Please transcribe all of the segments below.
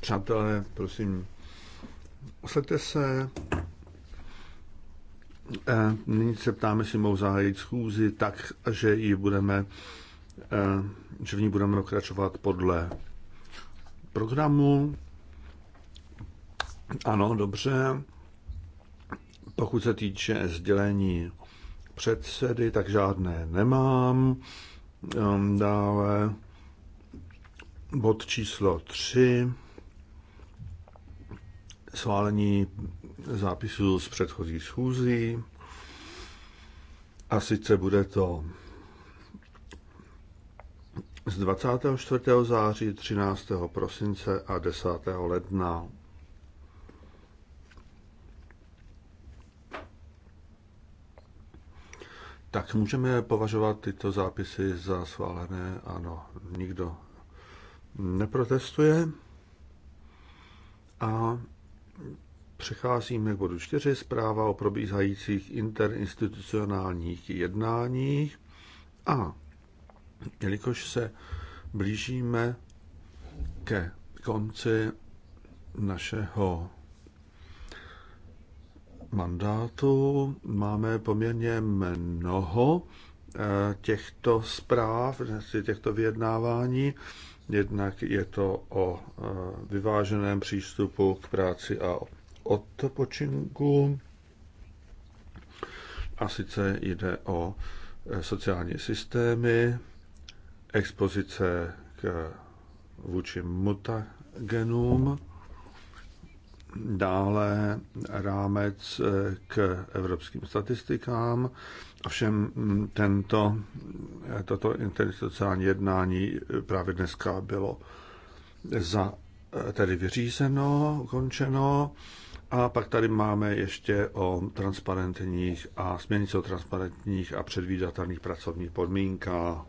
Přátelé, prosím, usaďte se. Eh, nyní se ptáme, jestli mohou zahájit schůzi tak, že ji budeme, eh, že v ní budeme pokračovat podle programu. Ano, dobře. Pokud se týče sdělení předsedy, tak žádné nemám. Ehm, dále bod číslo 3, schválení zápisu z předchozí schůzí. A sice bude to z 24. září, 13. prosince a 10. ledna. Tak můžeme považovat tyto zápisy za schválené? Ano, nikdo neprotestuje. A přecházíme k bodu 4, zpráva o probíhajících interinstitucionálních jednáních. A jelikož se blížíme ke konci našeho mandátu, máme poměrně mnoho eh, těchto zpráv, těchto vyjednávání Jednak je to o e, vyváženém přístupu k práci a odpočinku. A sice jde o e, sociální systémy, expozice k e, vůči mutagenům dále rámec eh, k evropským statistikám. Ovšem mm, tento, eh, toto interinstitucionální jednání eh, právě dneska bylo za, tedy vyřízeno, ukončeno. A pak tady máme ještě o transparentních a směrnice o transparentních a předvídatelných pracovních podmínkách.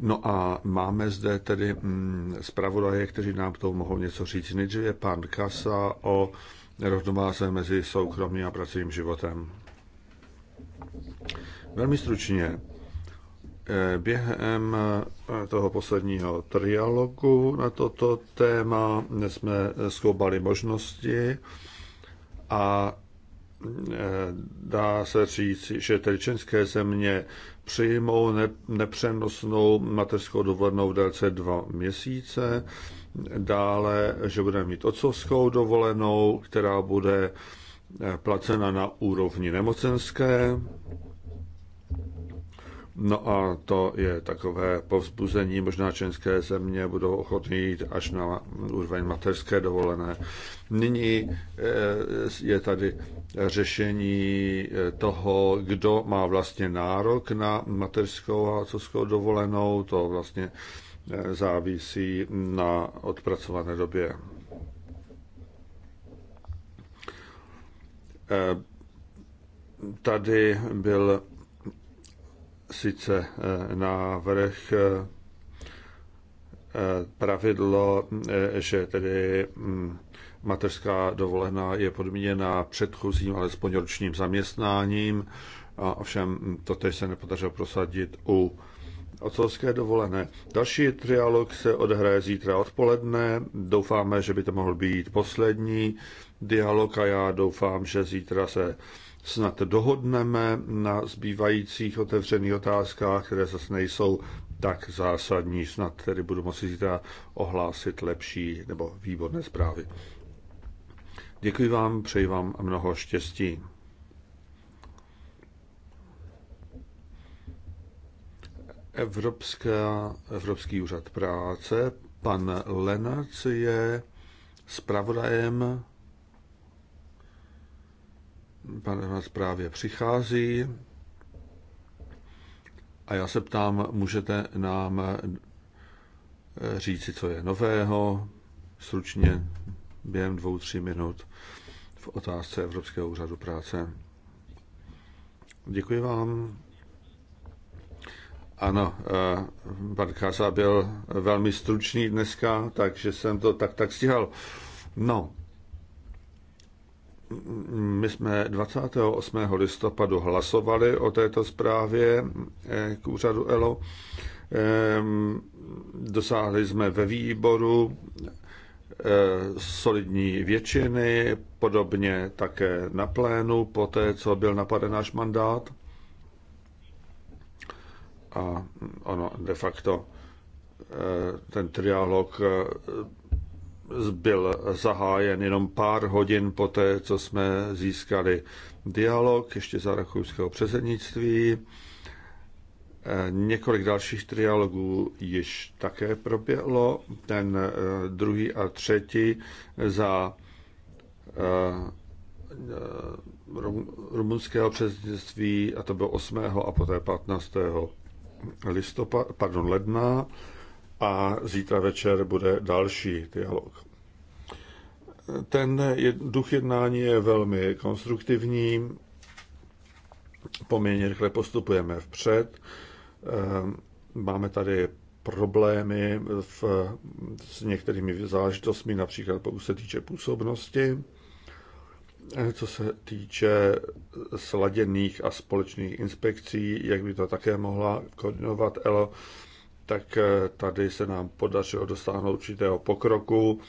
No a máme zde tedy mm, zpravodaje, kteří nám to mohou něco říct. Nejdříve pan Kasa o rovnováze mezi soukromým a pracovním životem. Velmi stručně. Eh, během eh, toho posledního trialogu na toto téma jsme zkoubali možnosti a eh, dá se říct, že tedy české země přijmou nepřenosnou mateřskou dovolenou v délce dva měsíce, dále, že bude mít otcovskou dovolenou, která bude placena na úrovni nemocenské, No a to je takové povzbuzení. Možná členské země budou ochotní jít až na úroveň materské dovolené. Nyní eh, je tady řešení eh, toho, kdo má vlastně nárok na materskou a otcovskou dovolenou. To vlastně eh, závisí na odpracované době. Tady byl sice eh, návrh eh, eh, pravidlo, že tedy mm, mateřská dovolená je podmíněna předchozím alespoň ročním zaměstnáním, a ovšem mm, to teď se nepodařilo prosadit u otcovské dovolené. Další trialog se odehraje zítra odpoledne. Doufáme, že by to mohl být poslední dialog a já doufám, že zítra se snad dohodneme na zbývajících otevřených otázkách, které zase nejsou tak zásadní. Snad tedy budu moci zítra ohlásit lepší nebo výborné zprávy. Děkuji vám, přeji vám mnoho štěstí. Evropská, Evropský úřad práce, pan Lenac je zpravodajem Pan Evans právě přichází. A já se ptám, můžete nám eh, říci, co je nového, stručně během dvou, tři minut v otázce Evropského úřadu práce. Děkuji vám. Ano, eh, pan Kasa byl velmi stručný dneska, takže jsem to tak tak stihal. No, my jsme 28. listopadu hlasovali o této zprávě eh, k úřadu ELO. Ehm, dosáhli jsme ve výboru eh, solidní většiny, podobně také na plénu, po té, co byl napaden náš mandát. A mm, ono de facto eh, ten trialog byl zahájen jenom pár hodin po té, co jsme získali dialog ještě za rakouského předsednictví. E, několik dalších trialogů již také proběhlo. Ten e, druhý a třetí za e, rumunského předsednictví, a to bylo 8. a poté 15. listopad, pardon, ledna a zítra večer bude další dialog. Ten duch jednání je velmi konstruktivní, poměrně rychle postupujeme vpřed. Ehm, máme tady problémy v, s některými záležitostmi, například pokud se týče působnosti, eh, co se týče sladěných a společných inspekcí, jak by to také mohla koordinovat ELO, tak eh, tady se nám podařilo dosáhnout určitého pokroku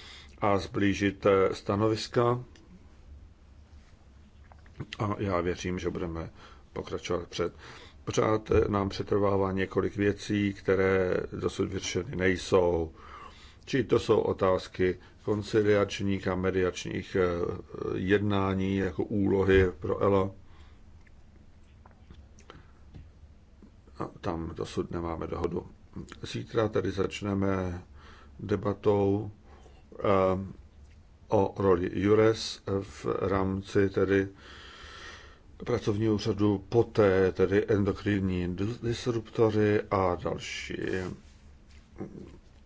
a zblížit eh, stanoviska. A já věřím, že budeme pokračovat před. Pořád eh, nám přetrvává několik věcí, které dosud vyřešeny nejsou. Či to jsou otázky konciliačních a mediačních jednání jako úlohy pro ELO. A tam dosud nemáme dohodu. Zítra tady začneme debatou eh, o roli Jures v rámci tedy pracovního úřadu, poté tedy endokrinní disruptory a další.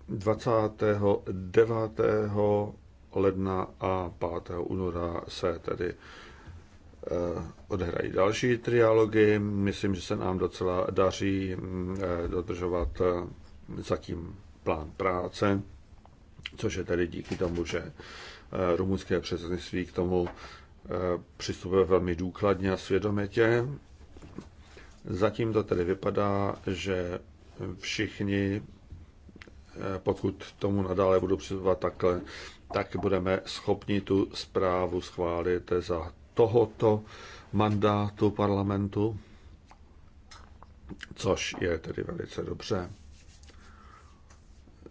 29. ledna a 5. února se tedy Eh, odehrají další triálogy. Myslím, že se nám docela daří mm, eh, dodržovat eh, zatím plán práce, což je tedy díky tomu, že rumunské předsednictví k tomu přistupuje velmi důkladně a svědomitě. Zatím to tedy vypadá, že všichni, pokud tomu nadále budou přistupovat takhle, tak budeme schopni tu zprávu schválit za tohoto mandátu parlamentu, což je tedy velice dobře.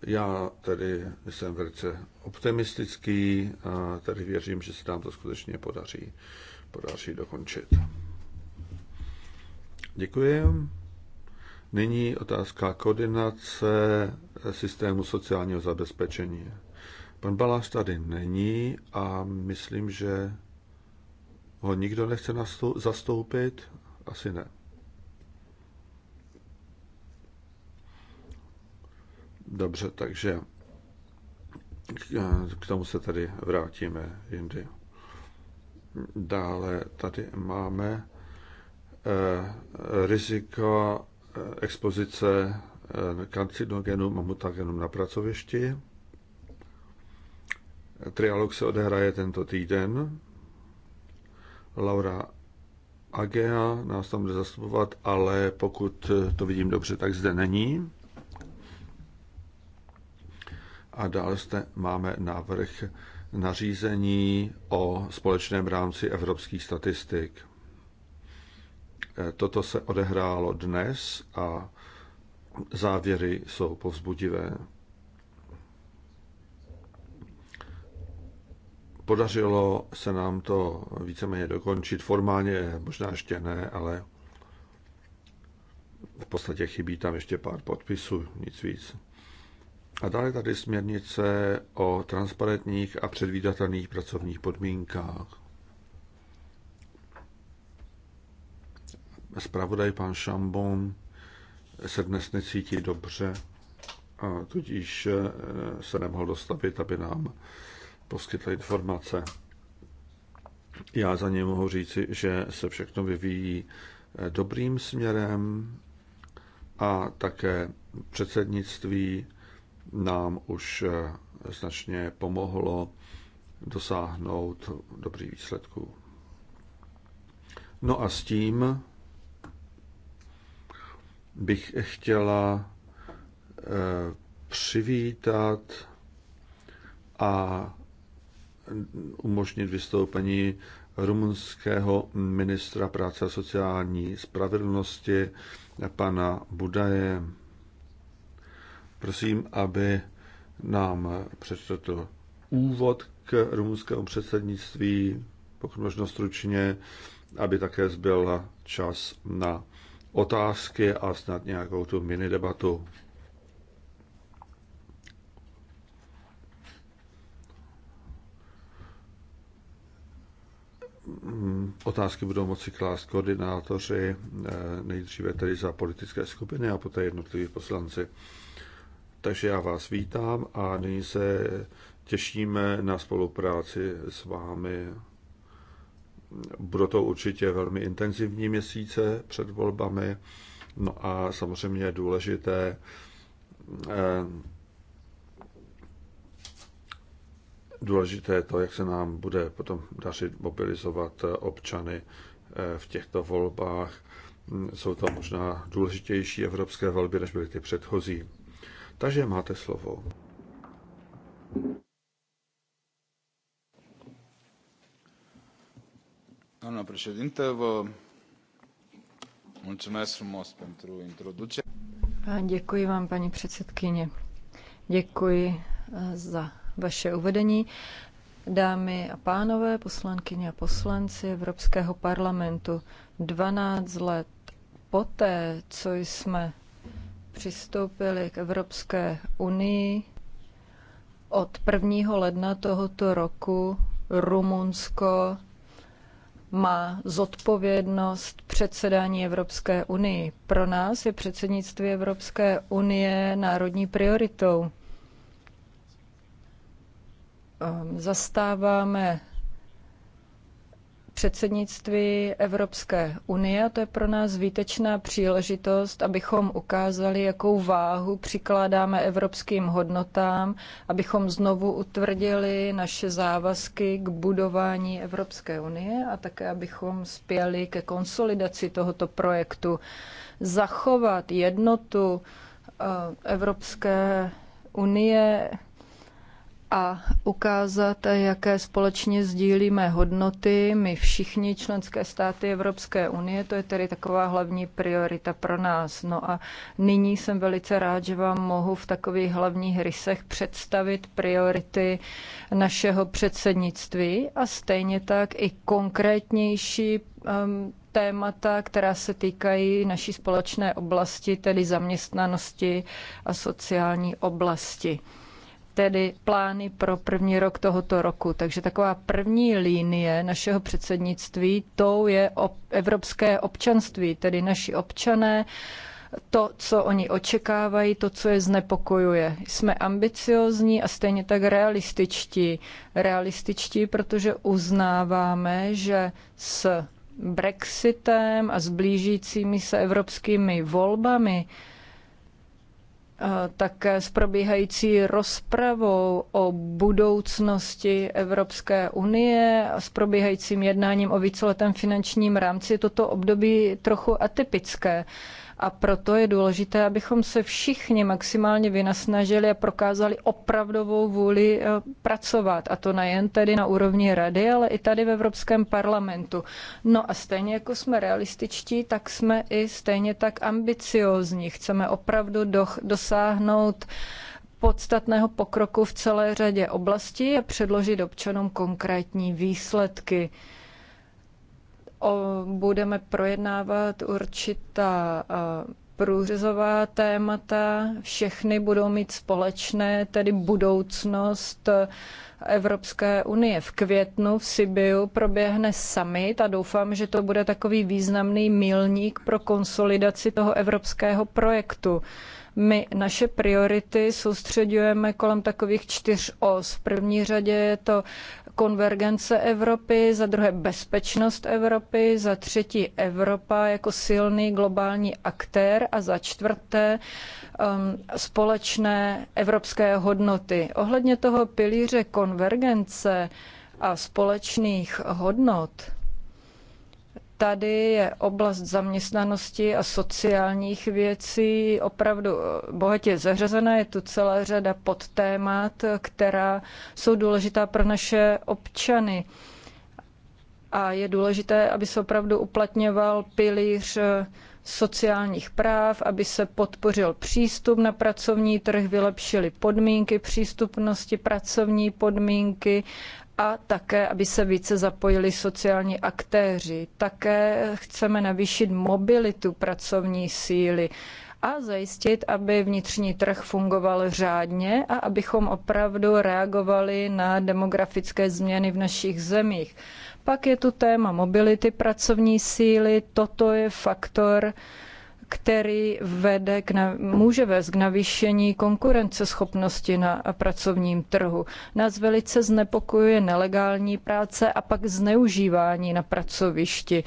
Já tedy jsem velice optimistický a tedy věřím, že se nám to skutečně podaří, podaří dokončit. Děkuji. Nyní otázka koordinace systému sociálního zabezpečení. Pan Baláš tady není a myslím, že Ho nikdo nechce zastoupit? Asi ne. Dobře, takže eh, k tomu se tady vrátíme jindy. Dále tady máme eh, riziko eh, expozice karcinogenům a mutagenům na pracovišti. Trialog se odehraje tento týden Laura Agea nás tam bude zastupovat, ale pokud to vidím dobře, tak zde není. A dále zde máme návrh nařízení o společném rámci evropských statistik. E, toto se odehrálo dnes a závěry jsou povzbudivé. Podařilo se nám to víceméně dokončit. Formálně možná ještě ne, ale v podstatě chybí tam ještě pár podpisů, nic víc. A dále tady směrnice o transparentních a předvídatelných pracovních podmínkách. Spravodaj pan Šambon se dnes necítí dobře a tudíž eh, se nemohl dostavit, aby nám poskytl informace. Já za něj mohu říci, že se všechno vyvíjí eh, dobrým směrem a také předsednictví nám už eh, značně pomohlo dosáhnout dobrých výsledků. No a s tím bych chtěla eh, přivítat a umožnit vystoupení rumunského ministra práce a sociální spravedlnosti pana Budaje. Prosím, aby nám přečetl úvod k rumunskému předsednictví, pokud možno stručně, aby také zbyl čas na otázky a snad nějakou tu mini debatu. Mm, otázky budou moci klást koordinátoři, eh, nejdříve tedy za politické skupiny a poté jednotliví poslanci. Takže já vás vítám a nyní se těšíme na spolupráci s vámi. Budou to určitě velmi intenzivní měsíce před volbami. No a samozřejmě je důležité eh, důležité je to, jak se nám bude potom dařit mobilizovat eh, občany eh, v těchto volbách. Mm, jsou to možná důležitější evropské volby, než byly ty předchozí. Takže máte slovo. Doamna președintă, vă Děkuji vám, paní předsedkyně. Děkuji eh, za vaše uvedení. Dámy a pánové, poslankyně a poslanci Evropského parlamentu, 12 let poté, co jsme přistoupili k Evropské unii, od 1. ledna tohoto roku Rumunsko má zodpovědnost předsedání Evropské unii. Pro nás je předsednictví Evropské unie národní prioritou. Ehm, zastáváme předsednictví Evropské unie a to je pro nás výtečná příležitost, abychom ukázali, jakou váhu přikládáme evropským hodnotám, abychom znovu utvrdili naše závazky k budování Evropské unie a také abychom spěli ke konsolidaci tohoto projektu, zachovat jednotu ehm, Evropské unie a ukázat, jaké společně sdílíme hodnoty, my všichni členské státy Evropské unie, to je tedy taková hlavní priorita pro nás. No a nyní jsem velice rád, že vám mohu v takových hlavních rysech představit priority našeho předsednictví a stejně tak i konkrétnější um, témata, která se týkají naší společné oblasti, tedy zaměstnanosti a sociální oblasti tedy plány pro první rok tohoto roku. Takže taková první línie našeho předsednictví, to je evropské občanství, tedy naši občané, to, co oni očekávají, to, co je znepokojuje. Jsme ambiciozní a stejně tak realističtí. Realističtí, protože uznáváme, že s Brexitem a s blížícími se evropskými volbami také s probíhající rozpravou o budoucnosti Evropské unie a s probíhajícím jednáním o víceletém finančním rámci je toto období trochu atypické. A proto je důležité, abychom se všichni maximálně vynasnažili a prokázali opravdovou vůli eh, pracovat. A to nejen tedy na úrovni rady, ale i tady v Evropském parlamentu. No a stejně jako jsme realističtí, tak jsme i stejně tak ambiciózní. Chceme opravdu do, dosáhnout podstatného pokroku v celé řadě oblastí a předložit občanům konkrétní výsledky budeme projednávat určitá průřezová témata, všechny budou mít společné, tedy budoucnost Evropské unie. V květnu v Sibiu proběhne summit a doufám, že to bude takový významný milník pro konsolidaci toho evropského projektu. My naše priority soustředujeme kolem takových čtyř os. V první řadě je to konvergence Evropy, za druhé bezpečnost Evropy, za třetí Evropa jako silný globální aktér a za čtvrté um, společné evropské hodnoty. Ohledně toho pilíře konvergence a společných hodnot, tady je oblast zaměstnanosti a sociálních věcí opravdu eh, bohatě zařazena. Je tu celá řada podtémat, která jsou důležitá pro naše občany. A je důležité, aby se opravdu uplatňoval pilíř eh, sociálních práv, aby se podpořil přístup na pracovní trh, vylepšily podmínky přístupnosti, pracovní podmínky a také, aby se více zapojili sociální aktéři. Také chceme navýšit mobilitu pracovní síly a zajistit, aby vnitřní trh fungoval řádně a abychom opravdu reagovali na demografické změny v našich zemích. Pak je tu téma mobility pracovní síly. Toto je faktor, který vede k, může vést k navýšení konkurenceschopnosti na pracovním trhu. Nás velice znepokojuje nelegální práce a pak zneužívání na pracovišti.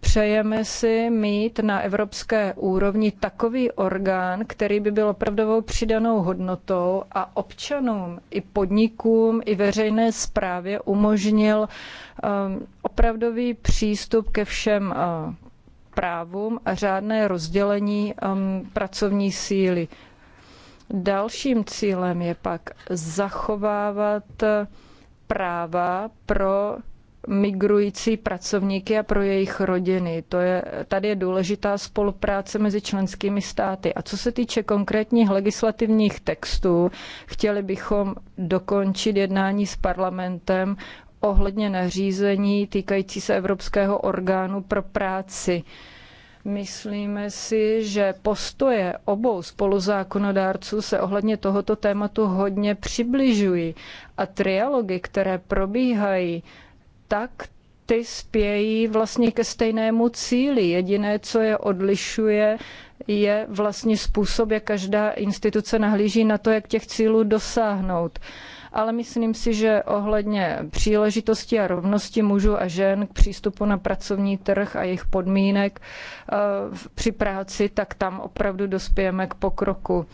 Přejeme si mít na evropské úrovni takový orgán, který by byl opravdovou přidanou hodnotou a občanům, i podnikům, i veřejné správě umožnil um, opravdový přístup ke všem uh, právům a řádné rozdělení um, pracovní síly. Dalším cílem je pak zachovávat eh, práva pro migrující pracovníky a pro jejich rodiny. To je, tady je důležitá spolupráce mezi členskými státy. A co se týče konkrétních legislativních textů, chtěli bychom dokončit jednání s parlamentem ohledně nařízení týkající se Evropského orgánu pro práci. Myslíme si, že postoje obou spoluzákonodárců se ohledně tohoto tématu hodně přibližují a trialogy, které probíhají, tak ty spějí vlastně ke stejnému cíli. Jediné, co je odlišuje, je vlastně způsob, jak každá instituce nahlíží na to, jak těch cílů dosáhnout ale myslím si, že ohledně příležitosti a rovnosti mužů a žen k přístupu na pracovní trh a jejich podmínek eh, při práci, tak tam opravdu dospějeme k pokroku.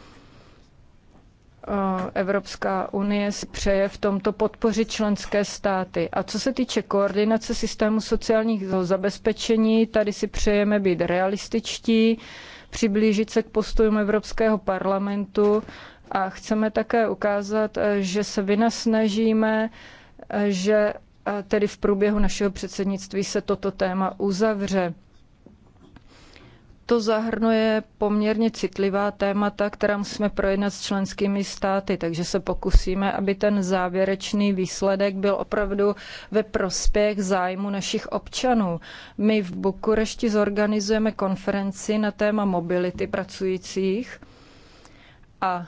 Eh, Evropská unie si přeje v tomto podpořit členské státy. A co se týče koordinace systému sociálních zabezpečení, tady si přejeme být realističtí, přiblížit se k postojům Evropského parlamentu a chceme také ukázat, eh, že se vynasnažíme, eh, že eh, tedy v průběhu našeho předsednictví se toto téma uzavře. To zahrnuje poměrně citlivá témata, která musíme projednat s členskými státy, takže se pokusíme, aby ten závěrečný výsledek byl opravdu ve prospěch zájmu našich občanů. My v Bukurešti zorganizujeme konferenci na téma mobility pracujících a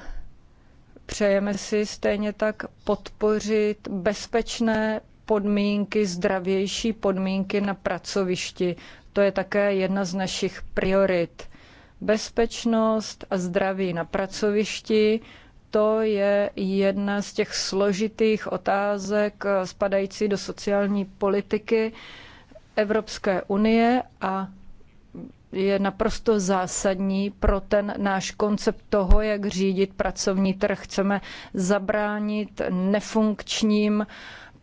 Přejeme si stejně tak podpořit bezpečné podmínky, zdravější podmínky na pracovišti. To je také jedna z našich priorit. Bezpečnost a zdraví na pracovišti, to je jedna z těch složitých otázek eh, spadající do sociální politiky Evropské unie a je naprosto zásadní pro ten náš koncept toho, jak řídit pracovní trh. Chceme zabránit nefunkčním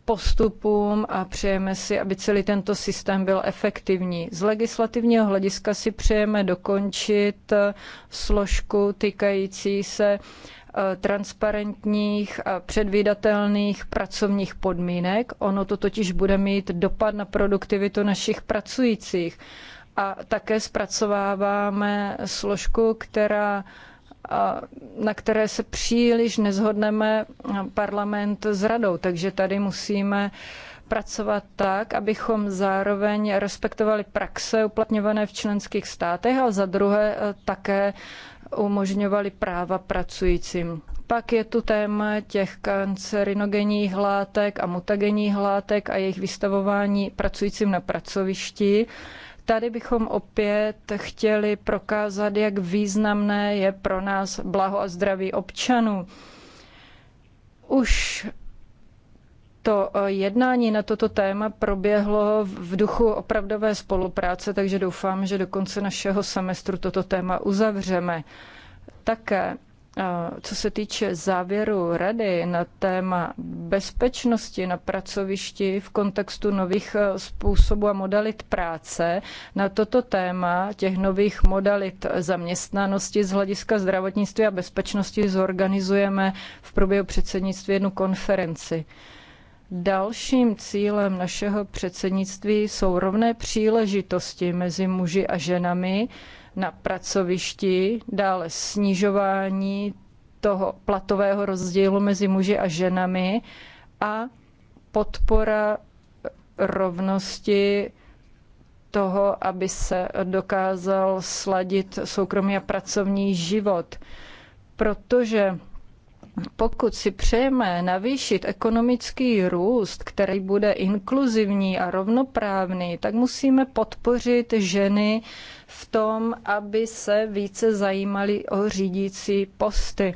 postupům a přejeme si, aby celý tento systém byl efektivní. Z legislativního hlediska si přejeme dokončit složku týkající se eh, transparentních a předvídatelných pracovních podmínek. Ono to totiž bude mít dopad na produktivitu našich pracujících. A také zpracováváme složku, která na které se příliš nezhodneme parlament s radou. Takže tady musíme pracovat tak, abychom zároveň respektovali praxe uplatňované v členských státech a za druhé e, také umožňovali práva pracujícím. Pak je tu téma těch kancerinogenních látek a mutagenních látek a jejich vystavování pracujícím na pracovišti. Tady bychom opět chtěli prokázat, jak významné je pro nás blaho a zdraví občanů. Už to eh, jednání na toto téma proběhlo v duchu opravdové spolupráce, takže doufám, že do konce našeho semestru toto téma uzavřeme. Také co se týče závěru rady na téma bezpečnosti na pracovišti v kontextu nových e, způsobů a modalit práce, na toto téma těch nových modalit zaměstnanosti z hlediska zdravotnictví a bezpečnosti zorganizujeme v průběhu předsednictví jednu konferenci. Dalším cílem našeho předsednictví jsou rovné příležitosti mezi muži a ženami, na pracovišti, dále snižování toho platového rozdílu mezi muži a ženami a podpora rovnosti toho, aby se dokázal sladit soukromý a pracovní život. Protože pokud si přejeme navýšit ekonomický růst, který bude inkluzivní a rovnoprávný, tak musíme podpořit ženy v tom, aby se více zajímaly o řídící posty.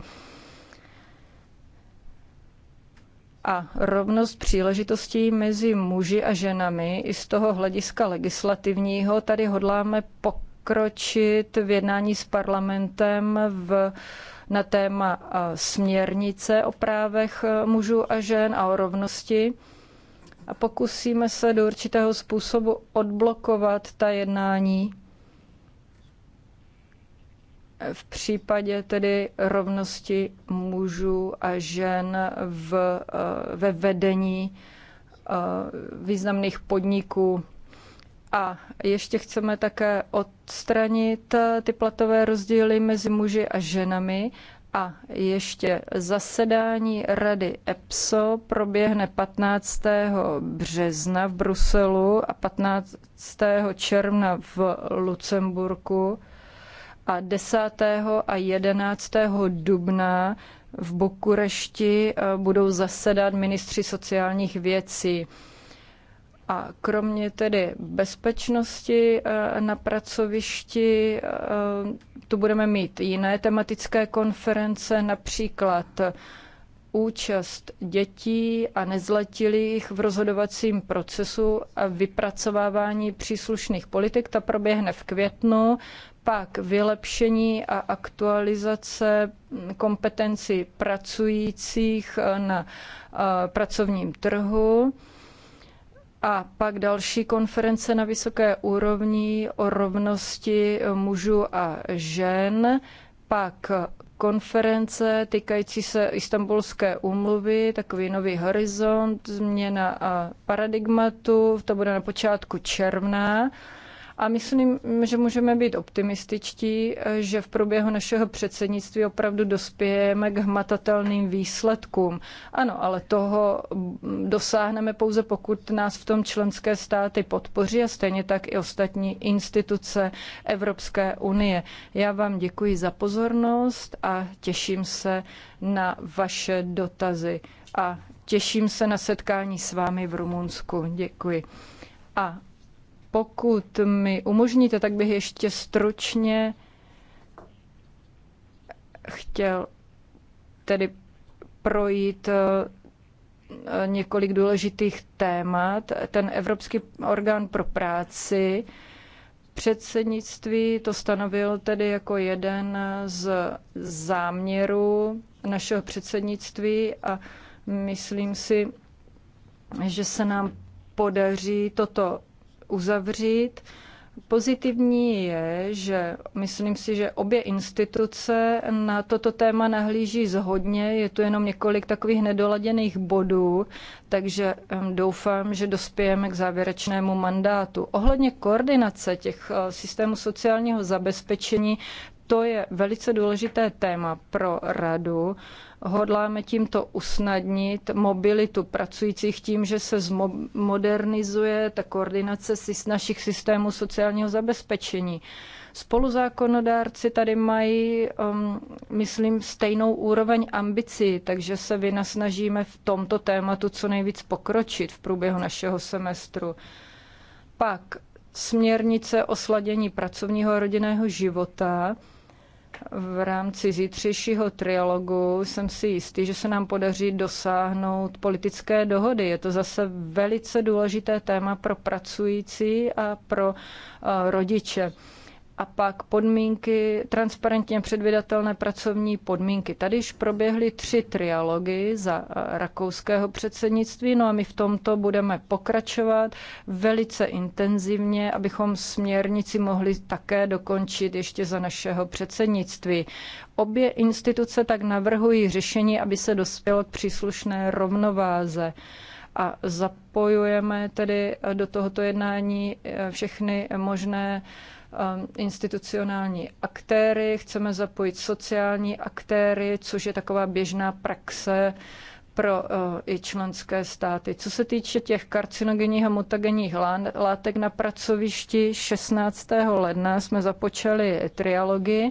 A rovnost příležitostí mezi muži a ženami i z toho hlediska legislativního tady hodláme pokročit v jednání s parlamentem v na téma směrnice o právech e, mužů a žen a o rovnosti a pokusíme se do určitého způsobu odblokovat ta jednání e, v případě tedy rovnosti mužů a žen v, e, ve vedení významných podniků a ještě chceme také odstranit eh, ty platové rozdíly mezi muži a ženami. A ještě zasedání Rady EPSO proběhne 15. března v Bruselu a 15. června v Lucemburku a 10. a 11. dubna v Bukurešti eh, budou zasedat ministři sociálních věcí. A kromě tedy bezpečnosti eh, na pracovišti, eh, tu budeme mít jiné tematické konference, například účast dětí a nezletilých v rozhodovacím procesu a vypracovávání příslušných politik. Ta proběhne v květnu, pak vylepšení a aktualizace kompetenci pracujících eh, na pracovním trhu a pak další konference na vysoké úrovni o rovnosti mužů a žen, pak konference týkající se istambulské úmluvy, takový nový horizont, změna paradigmatu, to bude na počátku června. A myslím, že můžeme být optimističtí, že v průběhu našeho předsednictví opravdu dospějeme k hmatatelným výsledkům. Ano, ale toho dosáhneme pouze pokud nás v tom členské státy podpoří a stejně tak i ostatní instituce Evropské unie. Já vám děkuji za pozornost a těším se na vaše dotazy a těším se na setkání s vámi v Rumunsku. Děkuji. A pokud mi umožníte, tak bych ještě stručně chtěl tedy projít eh, několik důležitých témat. Ten Evropský orgán pro práci, předsednictví to stanovil tedy jako jeden z záměrů našeho předsednictví a myslím si, že se nám podaří toto uzavřít. Pozitivní je, že myslím si, že obě instituce na toto téma nahlíží zhodně, je tu jenom několik takových nedoladěných bodů, takže doufám, že dospějeme k závěrečnému mandátu. Ohledně koordinace těch eh, systémů sociálního zabezpečení, to je velice důležité téma pro radu. Hodláme tímto usnadnit mobilitu pracujících tím, že se modernizuje ta koordinace našich systémů sociálního zabezpečení. Spoluzákonodárci tady mají, um, myslím, stejnou úroveň ambicí, takže se vynasnažíme v tomto tématu co nejvíc pokročit v průběhu našeho semestru. Pak směrnice o sladění pracovního a rodinného života. V rámci zítřejšího trialogu jsem si jistý, že se nám podaří dosáhnout politické dohody. Je to zase velice důležité téma pro pracující a pro eh, rodiče a pak podmínky, transparentně předvydatelné pracovní podmínky. Tady již proběhly tři trialogy za eh, rakouského předsednictví, no a my v tomto budeme pokračovat velice intenzivně, abychom směrnici mohli také dokončit ještě za našeho předsednictví. Obě instituce tak navrhují řešení, aby se dospělo k příslušné rovnováze a zapojujeme tedy do tohoto jednání eh, všechny možné Um, institucionální aktéry, chceme zapojit sociální aktéry, což je taková běžná praxe pro uh, i členské státy. Co se týče těch karcinogenních a mutagenních látek na pracovišti, 16. ledna jsme započali trialogy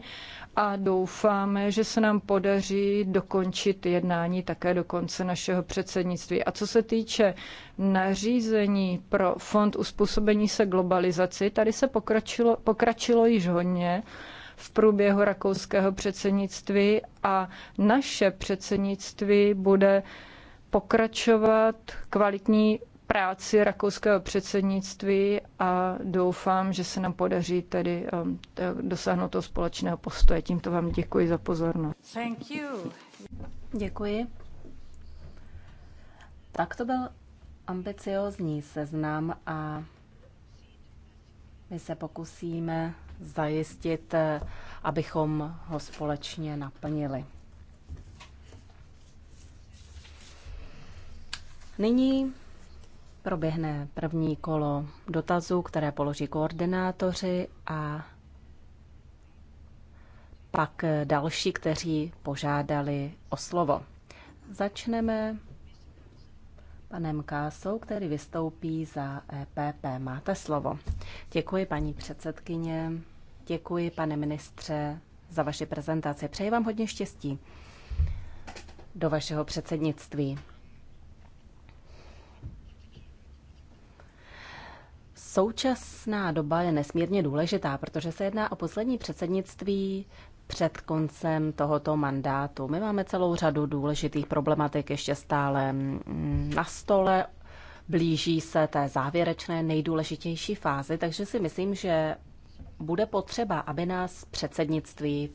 a doufáme, že se nám podaří dokončit jednání také do konce našeho předsednictví. A co se týče nařízení pro Fond uspůsobení se globalizaci, tady se pokračilo, pokračilo již hodně v průběhu rakouského předsednictví a naše předsednictví bude pokračovat kvalitní práci rakouského předsednictví a doufám, že se nám podaří tedy um, dosáhnout toho společného postoje. Tímto vám děkuji za pozornost. Thank you. Děkuji. Tak to byl ambiciozní seznam a my se pokusíme zajistit, abychom ho společně naplnili. Nyní Proběhne první kolo dotazů, které položí koordinátoři a pak další, kteří požádali o slovo. Začneme panem Kásou, který vystoupí za EPP. Máte slovo. Děkuji, paní předsedkyně. Děkuji, pane ministře, za vaši prezentaci. Přeji vám hodně štěstí do vašeho předsednictví. Současná doba je nesmírně důležitá, protože se jedná o poslední předsednictví před koncem tohoto mandátu. My máme celou řadu důležitých problematik ještě stále mm, na stole. Blíží se té závěrečné nejdůležitější fázi, takže si myslím, že bude potřeba, aby nás předsednictví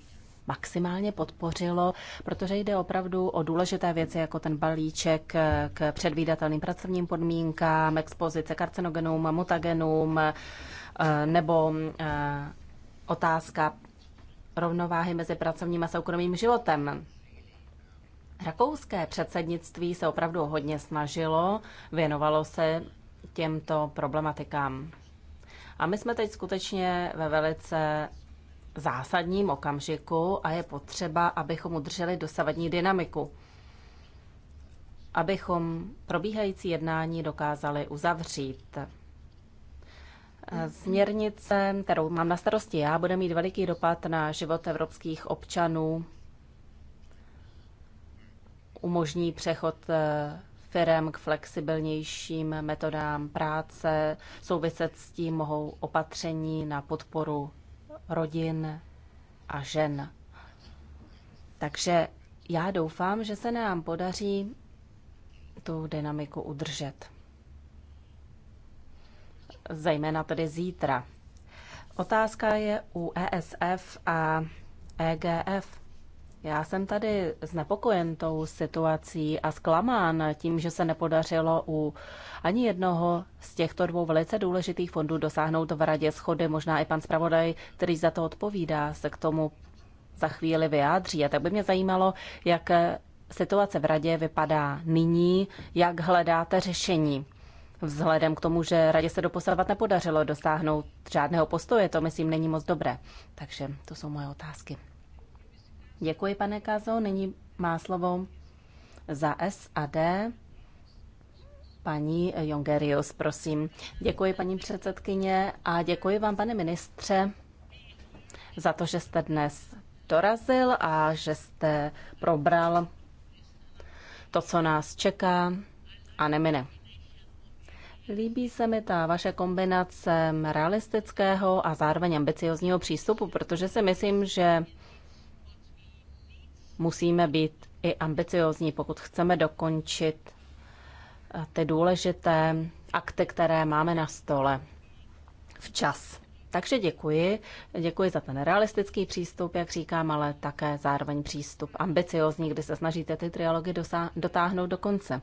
maximálně podpořilo, protože jde opravdu o důležité věci, jako ten balíček eh, k předvídatelným pracovním podmínkám, expozice karcinogenům, mutagenům, eh, nebo eh, otázka rovnováhy mezi pracovním a soukromým životem. Rakouské předsednictví se opravdu hodně snažilo, věnovalo se těmto problematikám. A my jsme teď skutečně ve velice zásadním okamžiku a je potřeba, abychom udrželi dosavadní dynamiku. Abychom probíhající jednání dokázali uzavřít. Směrnice, kterou mám na starosti já, bude mít veliký dopad na život evropských občanů. Umožní přechod eh, firem k flexibilnějším metodám práce. Souviset s tím mohou opatření na podporu rodin a žen. Takže já doufám, že se nám podaří tu dynamiku udržet. Zejména tedy zítra. Otázka je u ESF a EGF. Já jsem tady znepokojen tou situací a zklamán tím, že se nepodařilo u ani jednoho z těchto dvou velice důležitých fondů dosáhnout v radě schody. Možná i pan zpravodaj, který za to odpovídá, se k tomu za chvíli vyjádří. A tak by mě zajímalo, jak situace v radě vypadá nyní, jak hledáte řešení. Vzhledem k tomu, že radě se doposavat nepodařilo dosáhnout žádného postoje, to myslím není moc dobré. Takže to jsou moje otázky. Děkuji, pane Kazo. Nyní má slovo za SAD paní Jongerius, prosím. Děkuji, paní předsedkyně, a děkuji vám, pane ministře, za to, že jste dnes dorazil a že jste probral to, co nás čeká a nemine. Líbí se mi ta vaše kombinace realistického a zároveň ambiciozního přístupu, protože si myslím, že musíme být i ambiciozní, pokud chceme dokončit eh, ty důležité akty, které máme na stole včas. Takže děkuji. Děkuji za ten realistický přístup, jak říkám, ale také zároveň přístup ambiciozní, kdy se snažíte ty trialogy dotáhnout do konce.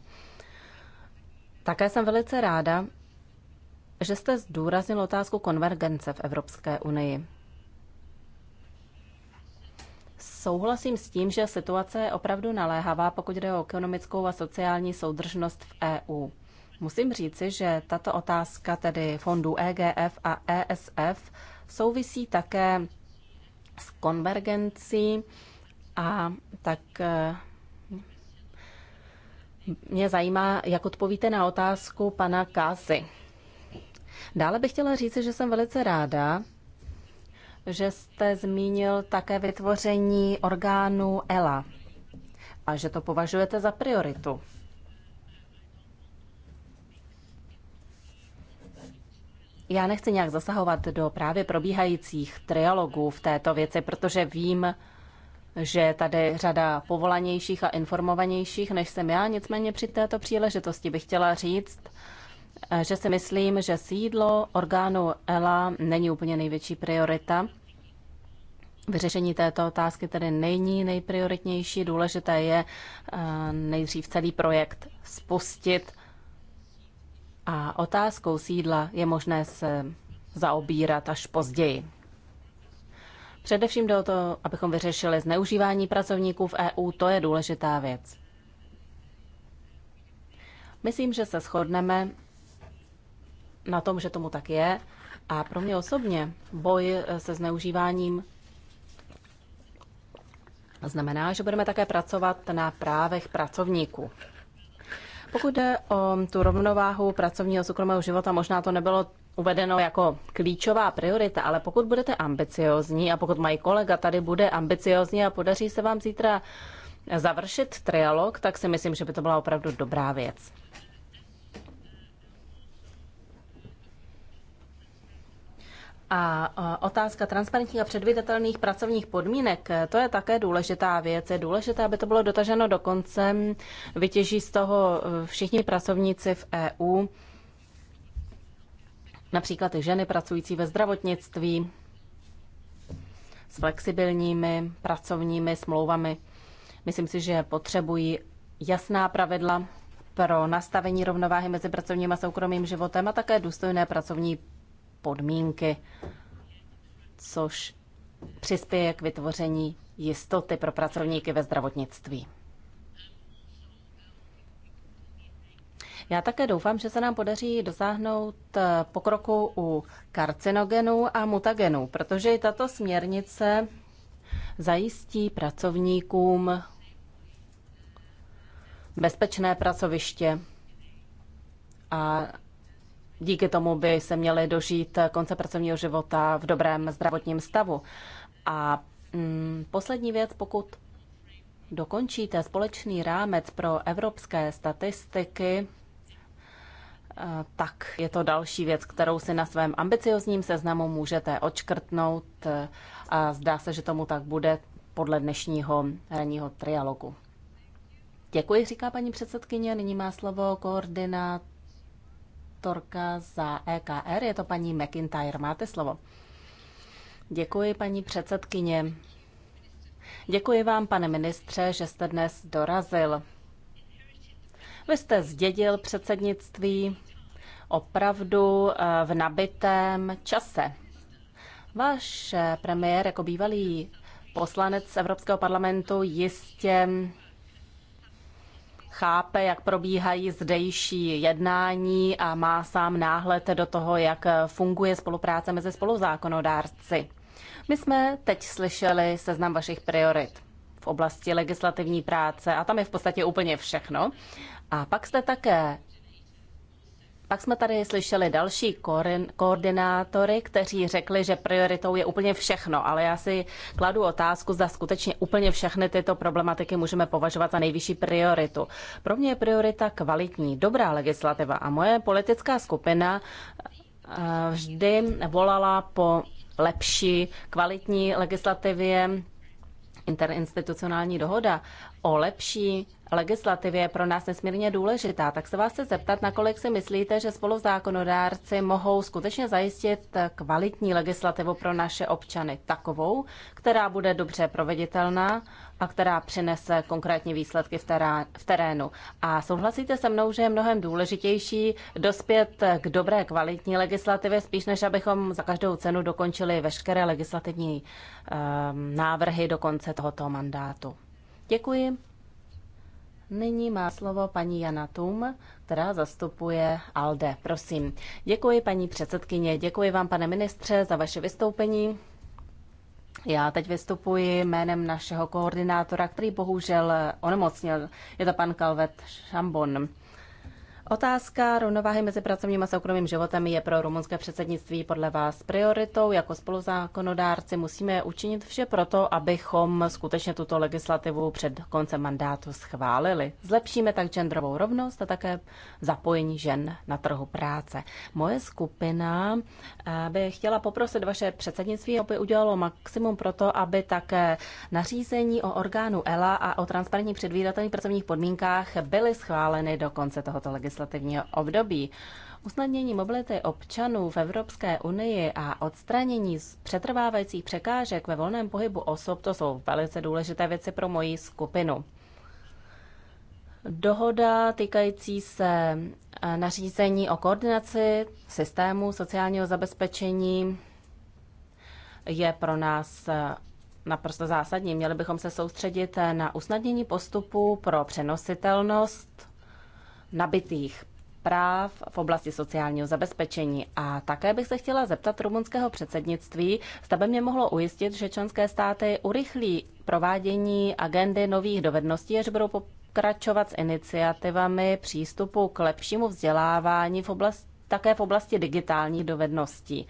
Také jsem velice ráda, že jste zdůraznil otázku konvergence v Evropské unii. Souhlasím s tím, že situace je opravdu naléhavá, pokud jde o ekonomickou a sociální soudržnost v EU. Musím říci, že tato otázka tedy fondů EGF a ESF souvisí také s konvergencí a tak eh, mě zajímá, jak odpovíte na otázku pana Kázy. Dále bych chtěla říci, že jsem velice ráda, že jste zmínil také vytvoření orgánu ELA a že to považujete za prioritu. Já nechci nějak zasahovat do právě probíhajících trialogů v této věci, protože vím, že tady řada povolanějších a informovanějších než jsem já, nicméně při této příležitosti bych chtěla říct, Eh, že si myslím, že sídlo orgánu ELA není úplně největší priorita. Vyřešení této otázky tedy není nejprioritnější. Důležité je eh, nejdřív celý projekt spustit a otázkou sídla je možné se zaobírat až později. Především do to, abychom vyřešili zneužívání pracovníků v EU, to je důležitá věc. Myslím, že se shodneme, na tom, že tomu tak je. A pro mě osobně boj eh, se zneužíváním znamená, že budeme také pracovat na právech pracovníků. Pokud jde o tu rovnováhu pracovního soukromého života, možná to nebylo uvedeno jako klíčová priorita, ale pokud budete ambiciozní a pokud mají kolega tady bude ambiciozní a podaří se vám zítra završit trialog, tak si myslím, že by to byla opravdu dobrá věc. A otázka transparentních a předvídatelných pracovních podmínek, eh, to je také důležitá věc. Je důležité, aby to bylo dotaženo do konce. Vytěží z toho eh, všichni pracovníci v EU, například i ženy pracující ve zdravotnictví s flexibilními pracovními smlouvami. Myslím si, že potřebují jasná pravidla pro nastavení rovnováhy mezi pracovním a soukromým životem a také důstojné pracovní podmínky, což přispěje k vytvoření jistoty pro pracovníky ve zdravotnictví. Já také doufám, že se nám podaří dosáhnout eh, pokroku u karcinogenů a mutagenů, protože i tato směrnice zajistí pracovníkům bezpečné pracoviště a díky tomu by se měli dožít konce pracovního života v dobrém zdravotním stavu. A mm, poslední věc, pokud dokončíte společný rámec pro evropské statistiky, eh, tak je to další věc, kterou si na svém ambiciozním seznamu můžete odškrtnout eh, a zdá se, že tomu tak bude podle dnešního ranního trialogu. Děkuji, říká paní předsedkyně. Nyní má slovo koordinát senátorka za EKR, je to paní McIntyre. Máte slovo. Děkuji, paní předsedkyně. Děkuji vám, pane ministře, že jste dnes dorazil. Vy jste zdědil předsednictví opravdu eh, v nabitém čase. Váš eh, premiér jako bývalý poslanec Evropského parlamentu jistě chápe, jak probíhají zdejší jednání a má sám náhled do toho, jak funguje spolupráce mezi spoluzákonodárci. My jsme teď slyšeli seznam vašich priorit v oblasti legislativní práce a tam je v podstatě úplně všechno. A pak jste také pak jsme tady slyšeli další koordinátory, kteří řekli, že prioritou je úplně všechno, ale já si kladu otázku, zda skutečně úplně všechny tyto problematiky můžeme považovat za nejvyšší prioritu. Pro mě je priorita kvalitní, dobrá legislativa a moje politická skupina eh, vždy volala po lepší, kvalitní legislativě. Interinstitucionální dohoda o lepší legislativě je pro nás nesmírně důležitá. Tak se vás chci zeptat, nakolik si myslíte, že spoluzákonodárci mohou skutečně zajistit kvalitní legislativu pro naše občany takovou, která bude dobře proveditelná a která přinese konkrétní výsledky v terénu. A souhlasíte se mnou, že je mnohem důležitější dospět k dobré kvalitní legislativě, spíš než abychom za každou cenu dokončili veškeré legislativní um, návrhy do konce tohoto mandátu. Děkuji. Nyní má slovo paní Jana Tum, která zastupuje ALDE. Prosím. Děkuji, paní předsedkyně, děkuji vám, pane ministře, za vaše vystoupení. Já teď vystupuji jménem našeho koordinátora, který bohužel onemocnil. Je to pan Kalvet Šambon. Otázka rovnováhy mezi pracovním a soukromým životem je pro rumunské předsednictví podle vás prioritou. Jako spoluzákonodárci musíme učinit vše proto, abychom skutečně tuto legislativu před koncem mandátu schválili. Zlepšíme tak genderovou rovnost a také zapojení žen na trhu práce. Moje skupina eh, by chtěla poprosit vaše předsednictví, aby udělalo maximum proto, aby také nařízení o orgánu ELA a o transparentní předvídatelných pracovních podmínkách byly schváleny do konce tohoto legislativy legislativního období. Usnadnění mobility občanů v Evropské unii a odstranění z přetrvávajících překážek ve volném pohybu osob, to jsou velice důležité věci pro moji skupinu. Dohoda týkající se eh, nařízení o koordinaci systému sociálního zabezpečení je pro nás eh, naprosto zásadní. Měli bychom se soustředit eh, na usnadnění postupu pro přenositelnost nabitých práv v oblasti sociálního zabezpečení. A také bych se chtěla zeptat rumunského předsednictví, zda by mě mohlo ujistit, že členské státy urychlí provádění agendy nových dovedností, až budou pokračovat s iniciativami přístupu k lepšímu vzdělávání v oblasti, také v oblasti digitálních dovedností.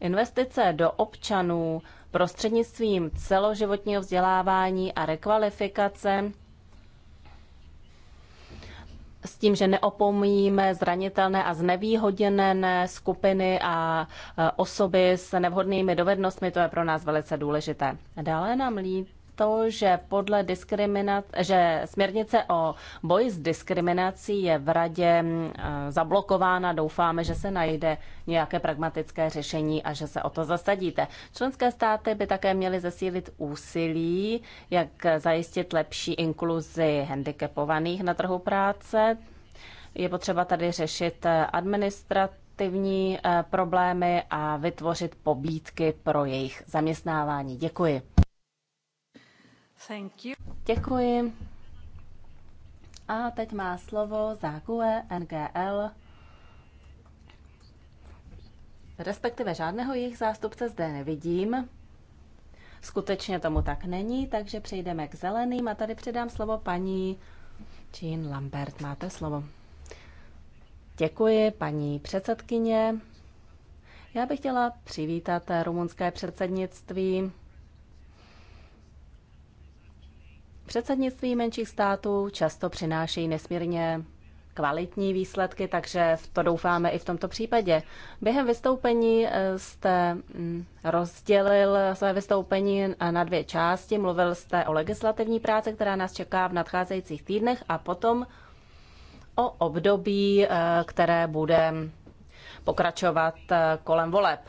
Investice do občanů prostřednictvím celoživotního vzdělávání a rekvalifikace s tím, že neopomíjíme zranitelné a znevýhodněné skupiny a e, osoby s nevhodnými dovednostmi, to je pro nás velice důležité. Dále nám to, že podle diskriminace, že směrnice o boji s diskriminací je v radě e, zablokována. Doufáme, že se najde nějaké pragmatické řešení a že se o to zasadíte. Členské státy by také měly zesílit úsilí, jak zajistit lepší inkluzi handicapovaných na trhu práce. Je potřeba tady řešit e, administrativní e, problémy a vytvořit pobídky pro jejich zaměstnávání. Děkuji. Thank you. Děkuji. A teď má slovo Zágue NGL, respektive žádného jejich zástupce zde nevidím. Skutečně tomu tak není, takže přejdeme k zeleným a tady předám slovo paní Jean Lambert. Máte slovo. Děkuji, paní předsedkyně. Já bych chtěla přivítat rumunské předsednictví Předsednictví menších států často přináší nesmírně kvalitní výsledky, takže to doufáme i v tomto případě. Během vystoupení eh, jste mm, rozdělil své vystoupení na dvě části. Mluvil jste o legislativní práci, která nás čeká v nadcházejících týdnech a potom o období, eh, které bude pokračovat eh, kolem voleb.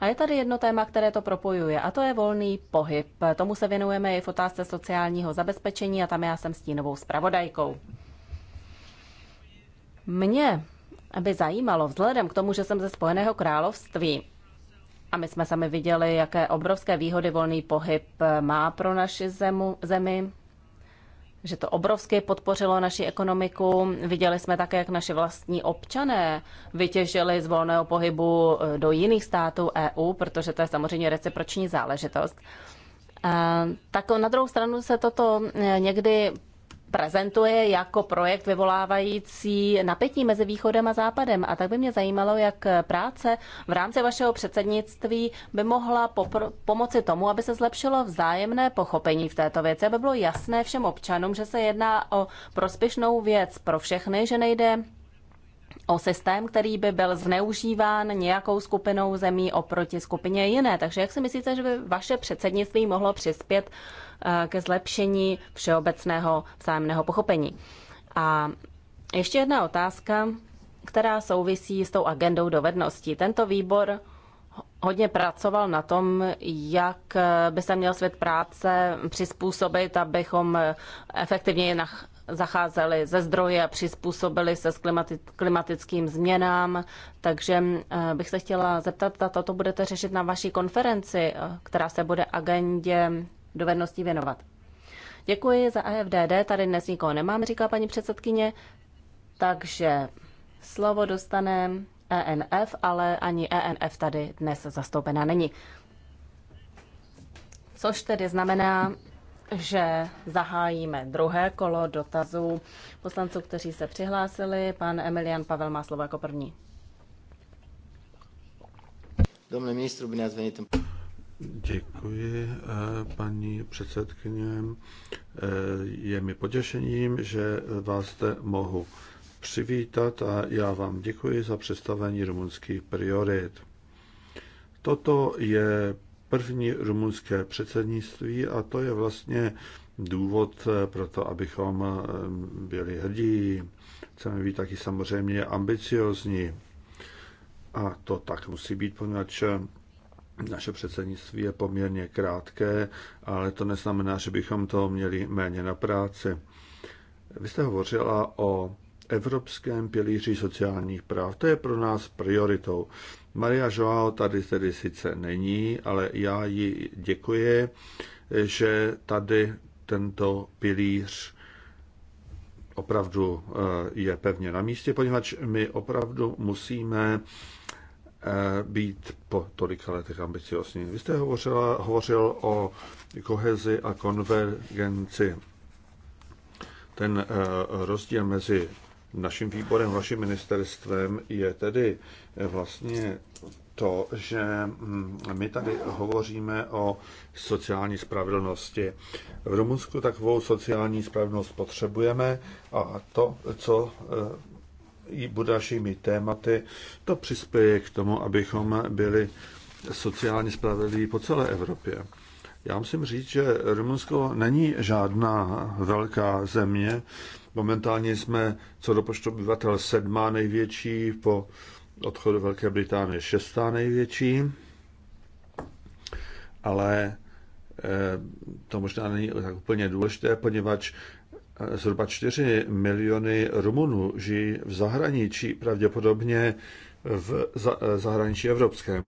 A je tady jedno téma, které to propojuje, a to je volný pohyb. Tomu se věnujeme i v otázce sociálního zabezpečení a tam já jsem stínovou zpravodajkou. Mě by zajímalo, vzhledem k tomu, že jsem ze Spojeného království, a my jsme sami viděli, jaké obrovské výhody volný pohyb má pro naši zemu, zemi, že to obrovsky podpořilo naši ekonomiku. Viděli jsme také, jak naše vlastní občané vytěžili z volného pohybu eh, do jiných států EU, protože to je samozřejmě reciproční záležitost. Eh, tak na druhou stranu se toto eh, někdy prezentuje jako projekt vyvolávající napětí mezi východem a západem. A tak by mě zajímalo, jak práce v rámci vašeho předsednictví by mohla pomoci tomu, aby se zlepšilo vzájemné pochopení v této věci, aby bylo jasné všem občanům, že se jedná o prospěšnou věc pro všechny, že nejde o systém, který by byl zneužíván nějakou skupinou zemí oproti skupině jiné. Takže jak si myslíte, že by vaše předsednictví mohlo přispět Eh, ke zlepšení všeobecného vzájemného pochopení. A ještě jedna otázka, která souvisí s tou agendou dovedností. Tento výbor hodně pracoval na tom, jak eh, by se měl svět práce přizpůsobit, abychom eh, efektivněji zacházeli ze zdroje a přizpůsobili se s klimatickým změnám. Takže bych se chtěla zeptat, tato to budete řešit na vaší konferenci, která se bude agendě dovedností věnovat. Děkuji za AFDD, tady dnes nikoho nemám, říká paní předsedkyně, takže slovo dostanem ENF, ale ani ENF tady dnes zastoupena není. Což tedy znamená, že zahájíme druhé kolo dotazů poslanců, kteří se přihlásili. Pan Emilian Pavel má slovo jako první. Domnule ministru, by nás venit Děkuji, eh, paní předsedkyně. Eh, je mi potěšením, že vás zde mohu přivítat a já vám děkuji za představení rumunských priorit. Toto je první rumunské předsednictví a to je vlastně důvod eh, pro to, abychom byli hrdí. Chceme být taky samozřejmě ambiciozní. A to tak musí být, poněvadž naše předsednictví je poměrně krátké, ale to neznamená, že bychom to měli méně na práci. Vy jste hovořila o Evropském pilíři sociálních práv. To je pro nás prioritou. Maria Joao tady tedy sice není, ale já jí děkuji, že tady tento pilíř opravdu eh, je pevně na místě, poněvadž my opravdu musíme Eh, být po tolika letech ambiciozní. Vy jste hovořila, hovořil o kohezi a konvergenci. Ten eh, rozdíl mezi naším výborem, vaším ministerstvem je tedy eh, vlastně to, že mm, my tady hovoříme o sociální spravedlnosti. V Rumunsku takovou sociální spravedlnost potřebujeme a to, co bude našimi tématy. To přispěje k tomu, abychom byli sociálně spravedliví po celé Evropě. Já musím říct, že Rumunsko není žádná velká země. Momentálně jsme co do počtu obyvatel sedmá největší, po odchodu Velké Británie šestá největší. Ale eh, to možná není tak úplně důležité, poněvadž Zhruba 4 miliony Rumunů žijí v zahraničí, pravděpodobně v eh, zahraničí evropském.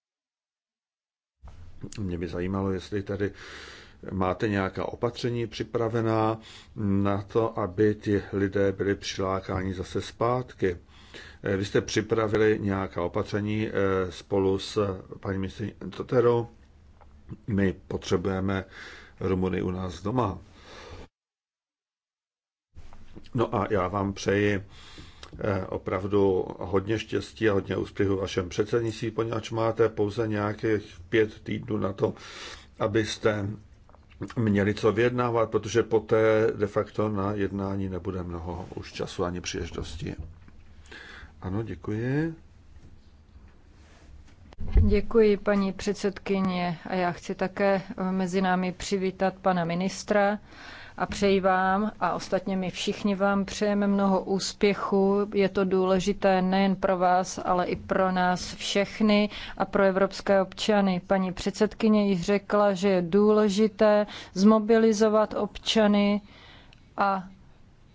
Mě by zajímalo, jestli tady máte nějaká opatření připravená na to, aby ti lidé byli přilákáni zase zpátky. Eh, vy jste připravili nějaká opatření eh, spolu s paní ministriní Toterou. My potřebujeme Rumuny u nás doma. No a já vám přeji eh, opravdu hodně štěstí a hodně úspěchu v vašem předsednictví, poněvadž máte pouze nějakých pět týdnů na to, abyste měli co vyjednávat, protože poté de facto na jednání nebude mnoho už času ani příležitosti. Ano, děkuji. Děkuji, paní předsedkyně, a já chci také mezi námi přivítat pana ministra a přeji vám a ostatně my všichni vám přejeme mnoho úspěchu. Je to důležité nejen pro vás, ale i pro nás všechny a pro evropské občany. Paní předsedkyně již řekla, že je důležité zmobilizovat občany a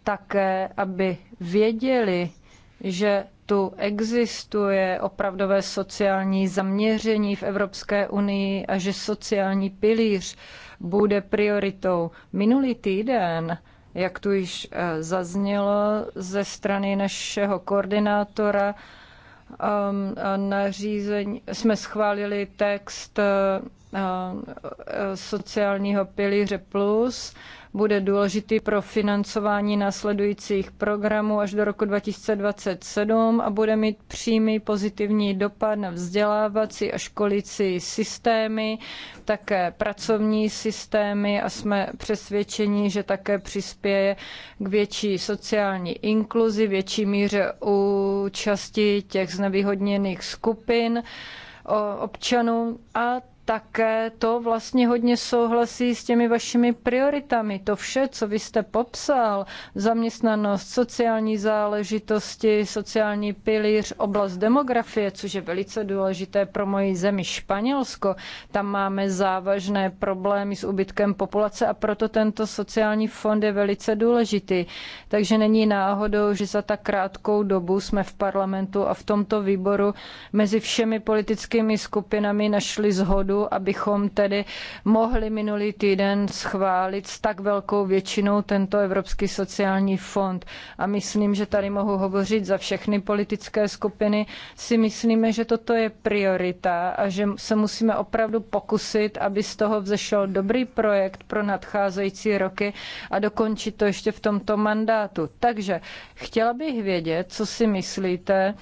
také, aby věděli, že tu existuje opravdové sociální zaměření v Evropské unii a že sociální pilíř bude prioritou. Minulý týden jak tu již eh, zaznělo ze strany našeho koordinátora, ehm, eh, nařízení, jsme schválili text eh, Eh, sociálního pilíře plus bude důležitý pro financování následujících programů až do roku 2027 a bude mít přímý pozitivní dopad na vzdělávací a školící systémy, také pracovní systémy a jsme přesvědčeni, že také přispěje k větší sociální inkluzi, větší míře účasti těch znevýhodněných skupin občanů a také to vlastně hodně souhlasí s těmi vašimi prioritami. To vše, co vy jste popsal, zaměstnanost, sociální záležitosti, sociální pilíř, oblast demografie, což je velice důležité pro moji zemi Španělsko. Tam máme závažné problémy s ubytkem populace a proto tento sociální fond je velice důležitý. Takže není náhodou, že za tak krátkou dobu jsme v parlamentu a v tomto výboru mezi všemi politickými skupinami našli zhodu bodu, abychom tedy mohli minulý týden schválit s tak velkou většinou tento Evropský sociální fond. A myslím, že tady mohu hovořit za všechny politické skupiny. Si myslíme, že toto je priorita a že se musíme opravdu pokusit, aby z toho vzešel dobrý projekt pro nadcházející roky a dokončit to ještě v tomto mandátu. Takže chtěla bych vědět, co si myslíte,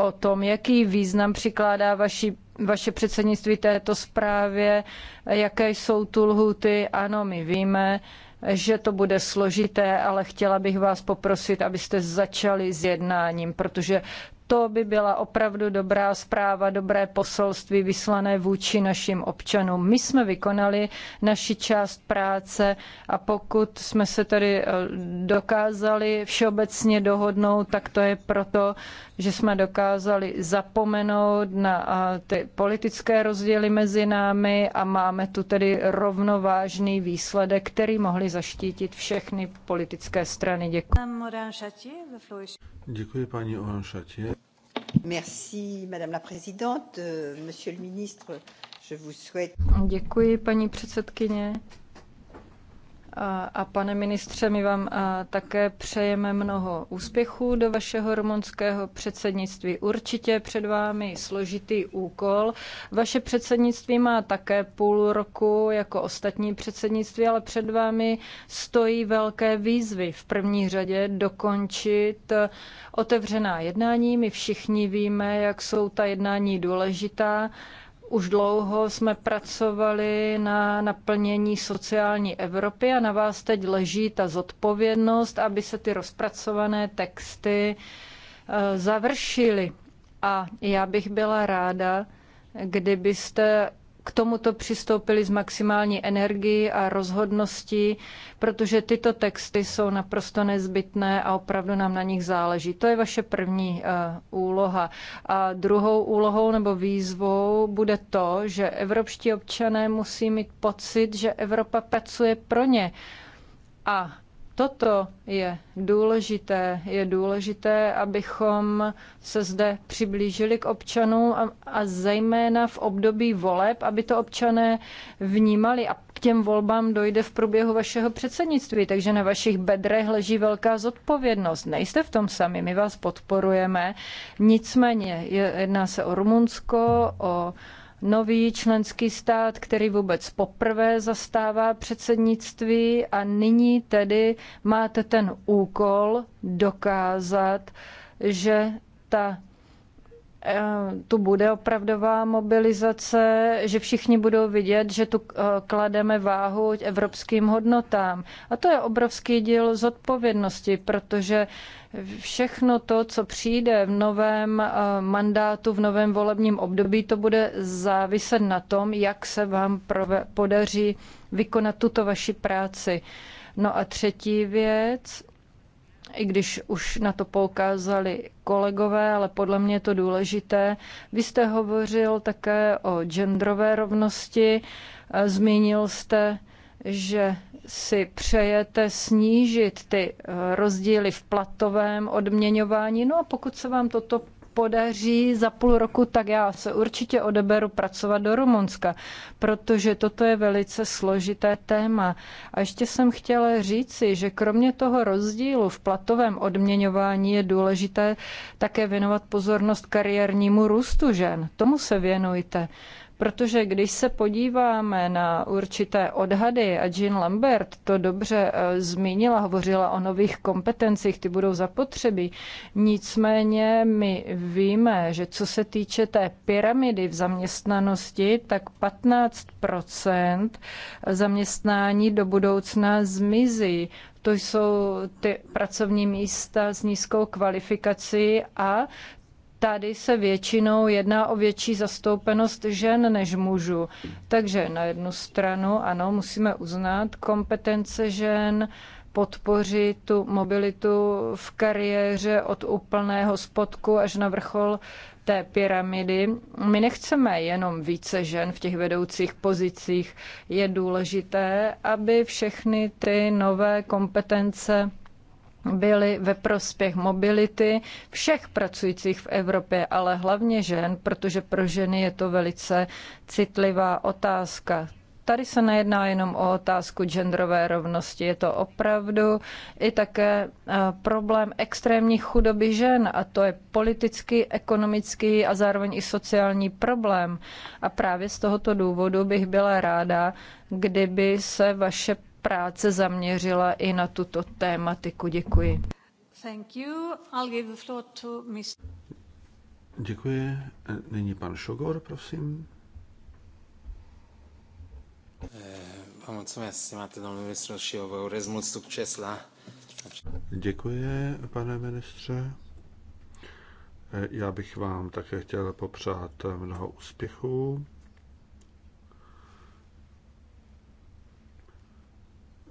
o tom, jaký význam přikládá vaši, vaše předsednictví této zprávě, jaké jsou tu lhuty. Ano, my víme, že to bude složité, ale chtěla bych vás poprosit, abyste začali s jednáním, protože to by byla opravdu dobrá zpráva, dobré poselství vyslané vůči našim občanům. My jsme vykonali naši část práce a pokud jsme se tady eh, dokázali všeobecně dohodnout, tak to je proto, že jsme dokázali zapomenout na ty politické rozdíly mezi námi a máme tu tedy rovnovážný výsledek, který mohli zaštítit všechny politické strany. Děkuji. Děkuji paní Oran Šatě. Merci, madame la présidente, euh, monsieur le ministre. Je vous souhaite... Děkuji, paní předsedkyně. A pane ministře, my vám také přejeme mnoho úspěchů do vašeho rumunského předsednictví. Určitě před vámi složitý úkol. Vaše předsednictví má také půl roku jako ostatní předsednictví, ale před vámi stojí velké výzvy. V první řadě dokončit otevřená jednání. My všichni víme, jak jsou ta jednání důležitá už dlouho jsme pracovali na naplnění sociální Evropy a na vás teď leží ta zodpovědnost, aby se ty rozpracované texty eh, završily. A já bych byla ráda, kdybyste k tomuto přistoupili s maximální energií a rozhodností, protože tyto texty jsou naprosto nezbytné a opravdu nám na nich záleží. To je vaše první uh, úloha. A druhou úlohou nebo výzvou bude to, že evropští občané musí mít pocit, že Evropa pracuje pro ně. A Toto je důležité. Je důležité, abychom se zde přiblížili k občanům a, a zejména v období voleb, aby to občané vnímali a k těm volbám dojde v průběhu vašeho předsednictví. Takže na vašich bedrech leží velká zodpovědnost. Nejste v tom sami, my vás podporujeme. Nicméně jedná se o Rumunsko, o nový členský stát, který vůbec poprvé zastává předsednictví a nyní tedy máte ten úkol dokázat, že ta Eh, tu bude opravdová mobilizace, že všichni budou vidět, že tu eh, klademe váhu evropským hodnotám. A to je obrovský díl zodpovědnosti, protože všechno to, co přijde v novém eh, mandátu, v novém volebním období, to bude záviset na tom, jak se vám podaří vykonat tuto vaši práci. No a třetí věc, i když už na to poukázali kolegové, ale podle mě je to důležité. Vy jste hovořil také o genderové rovnosti, eh, zmínil jste, že si přejete snížit ty eh, rozdíly v platovém odměňování. No a pokud se vám toto podaří za půl roku, tak já se určitě odeberu pracovat do Rumunska, protože toto je velice složité téma. A ještě jsem chtěla říci, že kromě toho rozdílu v platovém odměňování je důležité také věnovat pozornost kariérnímu růstu žen. Tomu se věnujte. Protože když se podíváme na určité odhady, a Jean Lambert to dobře eh, zmínila, hovořila o nových kompetencích, ty budou zapotřebí. Nicméně my víme, že co se týče té pyramidy v zaměstnanosti, tak 15 zaměstnání do budoucna zmizí. To jsou ty pracovní místa s nízkou kvalifikací a tady se většinou jedná o větší zastoupenost žen než mužů. Takže na jednu stranu, ano, musíme uznat kompetence žen, podpořit tu mobilitu v kariéře od úplného spodku až na vrchol té pyramidy. My nechceme jenom více žen v těch vedoucích pozicích. Je důležité, aby všechny ty nové kompetence byly ve prospěch mobility všech pracujících v Evropě, ale hlavně žen, protože pro ženy je to velice citlivá otázka. Tady se nejedná jenom o otázku genderové rovnosti, je to opravdu i také eh, problém extrémní chudoby žen a to je politický, ekonomický a zároveň i sociální problém. A právě z tohoto důvodu bych byla ráda, kdyby se vaše práce zaměřila i na tuto tématiku. Děkuji. Thank you. I'll give the floor to Mr. Děkuji. Nyní pan Šogor, prosím. Vă mulțumesc, stimate domnul ministru, și eu vă urez Děkuji, pane ministře. Eh, já bych vám také chtěl popřát mnoho úspěchů.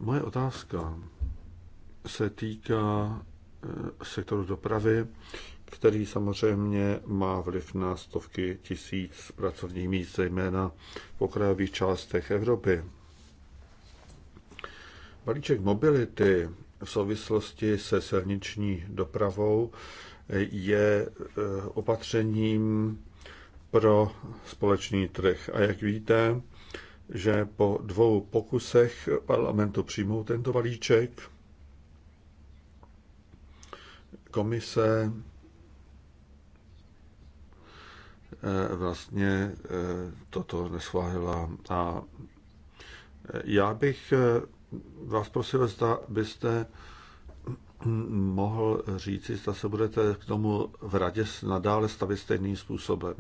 Moje otázka se týká eh, sektoru dopravy, který samozřejmě má vliv na stovky tisíc pracovních míst, zejména v okrajových částech Evropy. Balíček mobility v souvislosti se silniční dopravou eh, je eh, opatřením pro společný trh. A jak víte, že po dvou pokusech parlamentu přijmout tento balíček, komise eh, vlastně eh, toto neschválila. A já bych eh, vás prosil, zda byste hm, mohl říci, zda se budete k tomu v radě nadále stavit stejným způsobem.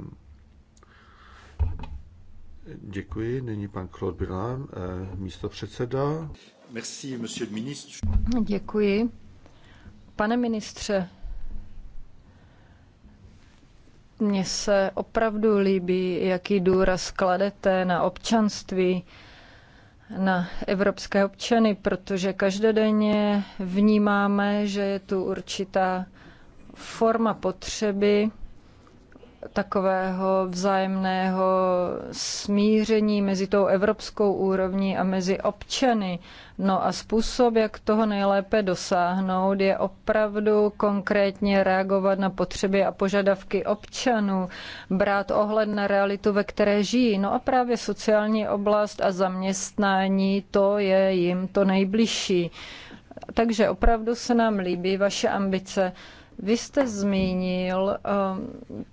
Děkuji. Nyní pan Claude Bilan, eh, místo předseda. Merci, monsieur le ministre. Děkuji. Pane ministře, mně se opravdu líbí, jaký důraz kladete na občanství, na evropské občany, protože každodenně vnímáme, že je tu určitá forma potřeby takového vzájemného smíření mezi tou evropskou úrovní a mezi občany. No a způsob, jak toho nejlépe dosáhnout, je opravdu konkrétně reagovat na potřeby a požadavky občanů, brát ohled na realitu, ve které žijí. No a právě sociální oblast a zaměstnání, to je jim to nejbližší. Takže opravdu se nám líbí vaše ambice vy jste zmínil um,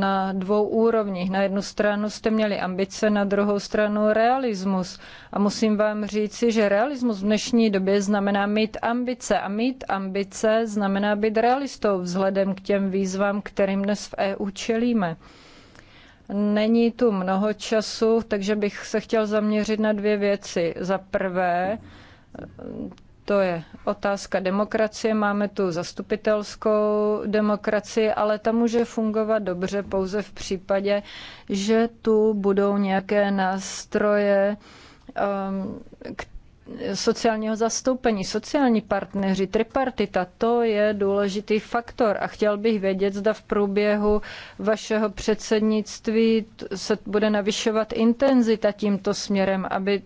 na dvou úrovních. Na jednu stranu jste měli ambice, na druhou stranu realismus. A musím vám říci, že realismus v dnešní době znamená mít ambice. A mít ambice znamená být realistou vzhledem k těm výzvám, kterým dnes v EU čelíme. Není tu mnoho času, takže bych se chtěl zaměřit na dvě věci. Za prvé, to je otázka demokracie. Máme tu zastupitelskou demokracii, ale ta může fungovat dobře pouze v případě, že tu budou nějaké nástroje, um, sociálního zastoupení, sociální partneři, tripartita, to je důležitý faktor a chtěl bych vědět, zda v průběhu vašeho předsednictví se bude navyšovat intenzita tímto směrem, aby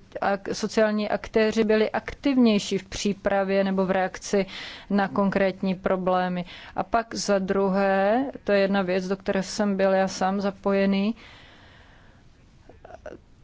sociální aktéři byli aktivnější v přípravě nebo v reakci na konkrétní problémy. A pak za druhé, to je jedna věc, do které jsem byl já sám zapojený,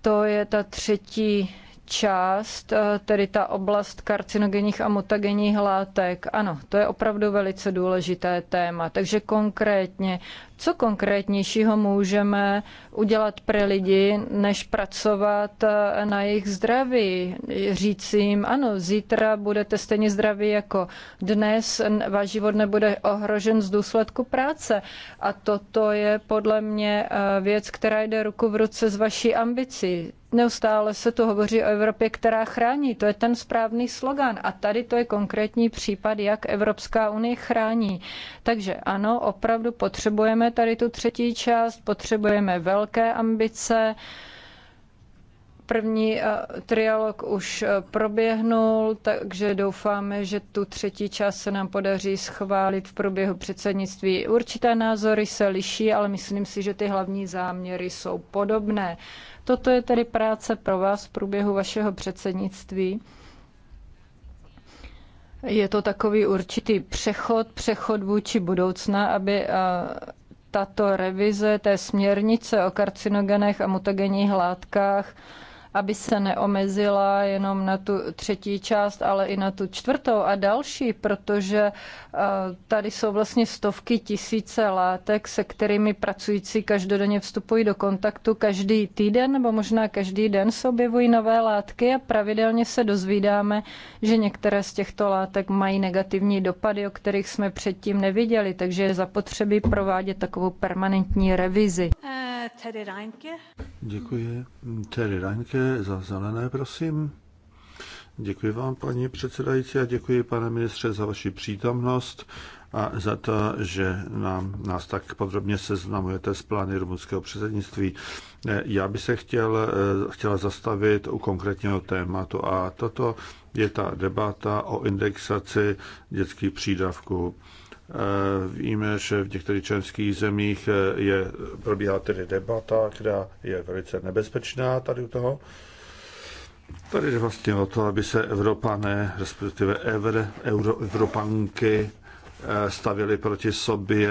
to je ta třetí část, eh, tedy ta oblast karcinogenních a mutagenních látek. Ano, to je opravdu velice důležité téma. Takže konkrétně, co konkrétnějšího můžeme udělat pro lidi, než pracovat eh, na jejich zdraví? Říct jim, ano, zítra budete stejně zdraví jako dnes, váš život nebude ohrožen z důsledku práce. A toto je podle mě eh, věc, která jde ruku v ruce s vaší ambicí Neustále se tu hovoří o Evropě, která chrání. To je ten správný slogan. A tady to je konkrétní případ, jak Evropská unie chrání. Takže ano, opravdu potřebujeme tady tu třetí část, potřebujeme velké ambice, První eh, trialog už eh, proběhnul, takže doufáme, že tu třetí část se nám podaří schválit v průběhu předsednictví. Určité názory se liší, ale myslím si, že ty hlavní záměry jsou podobné. Toto je tedy práce pro vás v průběhu vašeho předsednictví. Je to takový určitý přechod, přechod vůči budoucna, aby eh, tato revize té směrnice o karcinogenech a mutagenních látkách aby se neomezila jenom na tu třetí část, ale i na tu čtvrtou a další, protože eh, tady jsou vlastně stovky tisíce látek, se kterými pracující každodenně vstupují do kontaktu. Každý týden nebo možná každý den se objevují nové látky a pravidelně se dozvídáme, že některé z těchto látek mají negativní dopady, o kterých jsme předtím neviděli, takže je zapotřebí provádět takovou permanentní revizi. Eh, Tedy Děkuji. Terry Reinke za zelené, prosím. Děkuji vám, paní předsedající, a děkuji, pane ministře, za vaši přítomnost a za to, že nám, nás tak podrobně seznamujete s plány rumunského předsednictví. Já bych se chtěl, chtěla zastavit u konkrétního tématu a toto je ta debata o indexaci dětských přídavků. Víme, že v některých členských zemích je, probíhá tedy debata, která je velice nebezpečná tady u toho. Tady je vlastně o to, aby se Evropané, respektive Evr, Euro, Evropanky eh, stavili proti sobě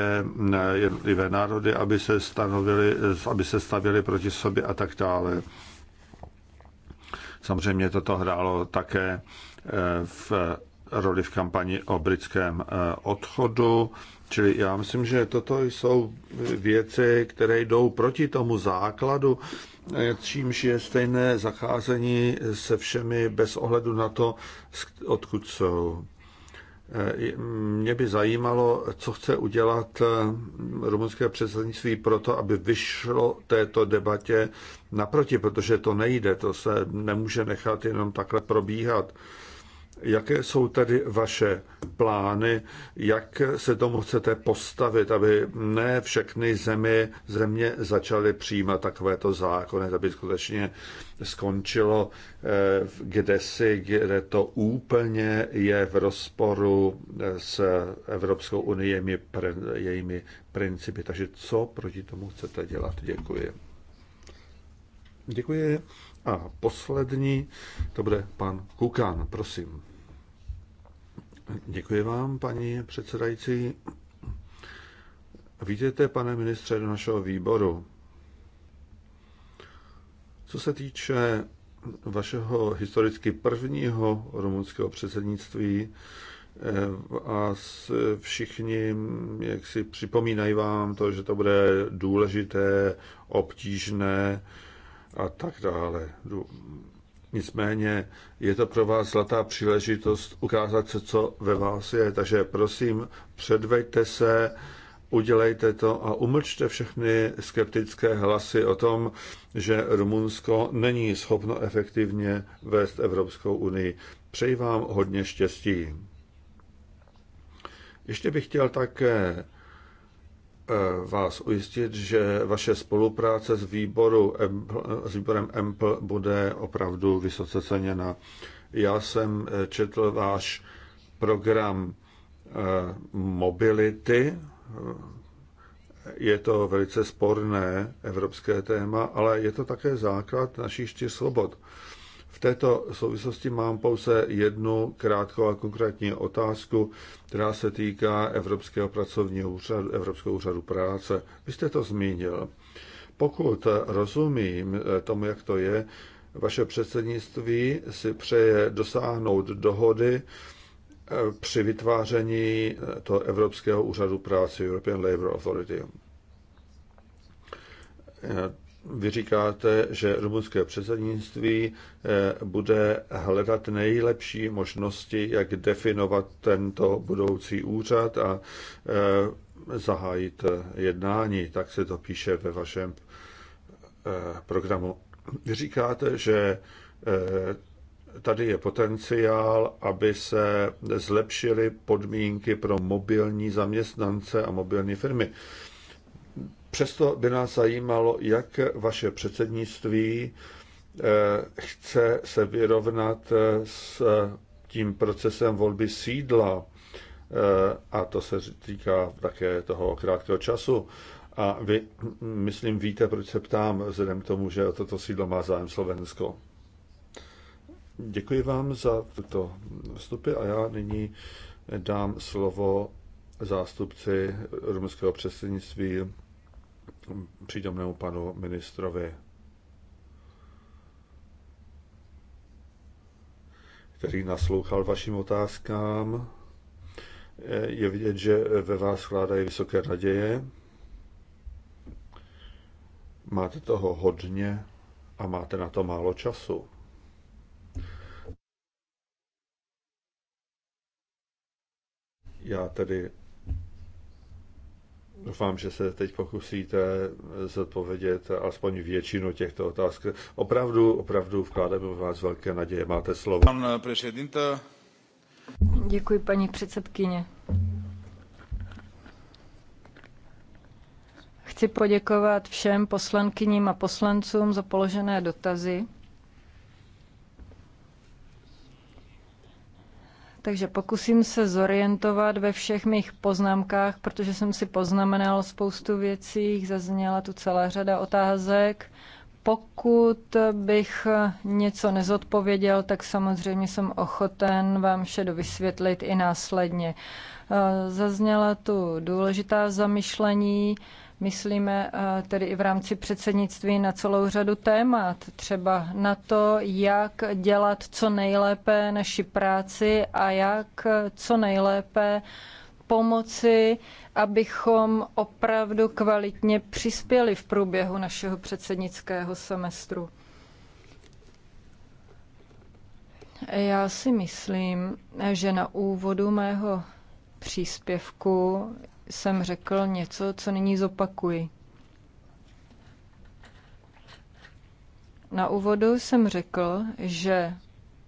eh, jednotlivé národy, aby se, stanovili, eh, aby se stavili proti sobě a tak dále. Samozřejmě toto hrálo také v roli v kampani o britském eh, odchodu. Čili já myslím, že toto jsou věci, které jdou proti tomu základu, eh, čímž je stejné zacházení se všemi bez ohledu na to, odkud jsou. Eh, mě by zajímalo, co chce udělat rumunské předsednictví pro to, aby vyšlo této debatě naproti, protože to nejde, to se nemůže nechat jenom takhle probíhat. Jaké jsou tedy vaše plány, jak se tomu chcete postavit, aby ne všechny zemi, země začaly přijímat takovéto zákony, aby skutečně skončilo eh, kde si, kde to úplně je v rozporu eh, s Evropskou unii, jejími principy. Takže co proti tomu chcete dělat? Děkuji. Děkuji. A poslední, to bude pan Kukan, prosím. Děkuji vám, paní předsedající. Vítejte, pane ministře, do našeho výboru. Co se týče vašeho historicky prvního rumunského předsednictví, eh, a všichni jak si připomínají vám to, že to bude důležité, obtížné a tak dále. Nicméně je to pro vás zlatá příležitost ukázat se, co ve vás je. Takže prosím, předveďte se, udělejte to a umlčte všechny skeptické hlasy o tom, že Rumunsko není schopno efektivně vést Evropskou unii. Přeji vám hodně štěstí. Ještě bych chtěl také Eh, vás ujistit, že vaše spolupráce s, výboru, s výborem EMPL bude opravdu vysoce ceněna. Já jsem eh, četl váš program eh, mobility. Je to velice sporné evropské téma, ale je to také základ našich čtyř svobod této souvislosti mám pouze jednu krátkou a konkrétní otázku, která se týká Evropského pracovního úřadu, Evropského úřadu práce. Vy jste to zmínil. Pokud rozumím tomu, jak to je, vaše předsednictví si přeje dosáhnout dohody eh, při vytváření eh, toho Evropského úřadu práce European Labour Authority. Eh, vy říkáte, že rumunské předsednictví eh, bude hledat nejlepší možnosti, jak definovat tento budoucí úřad a eh, zahájit eh, jednání. Tak se to píše ve vašem programu. Vy říkáte, že tady je potenciál, aby se zlepšily podmínky pro mobilní zaměstnance a mobilní firmy. Přesto by nás zajímalo, jak vaše předsednictví eh, chce se vyrovnat eh, s tím procesem volby sídla, eh, a to se týká také toho krátkého času. A vy, myslím, víte, proč se ptám, vzhledem k tomu, že toto sídlo má zájem Slovensko. Děkuji vám za tuto vstupy a já nyní dám slovo zástupci rumunského předsednictví přítomnému panu ministrovi, který naslouchal vašim otázkám. Je vidět, že ve vás vkládají vysoké naděje. Máte toho hodně a máte na to málo času. Já tedy Doufám, že se teď pokusíte zodpovědět aspoň většinu těchto otázek. Opravdu, opravdu vkládám v vás velké naděje. Máte slovo. Pan eh, prezidenta. Děkuji, paní předsedkyně. Chci poděkovat všem poslankyním a poslancům za položené dotazy. Takže pokusím se zorientovat ve všech mých poznámkách, protože jsem si poznamenal spoustu věcí, zazněla tu celá řada otázek. Pokud bych něco nezodpověděl, tak samozřejmě jsem ochoten vám vše dovysvětlit i následně. Zazněla tu důležitá zamyšlení, Myslíme eh, tedy i v rámci předsednictví na celou řadu témat, třeba na to, jak dělat co nejlépe naši práci a jak eh, co nejlépe pomoci, abychom opravdu kvalitně přispěli v průběhu našeho předsednického semestru. Já si myslím, že na úvodu mého příspěvku jsem řekl něco, co nyní zopakuji. Na úvodu jsem řekl, že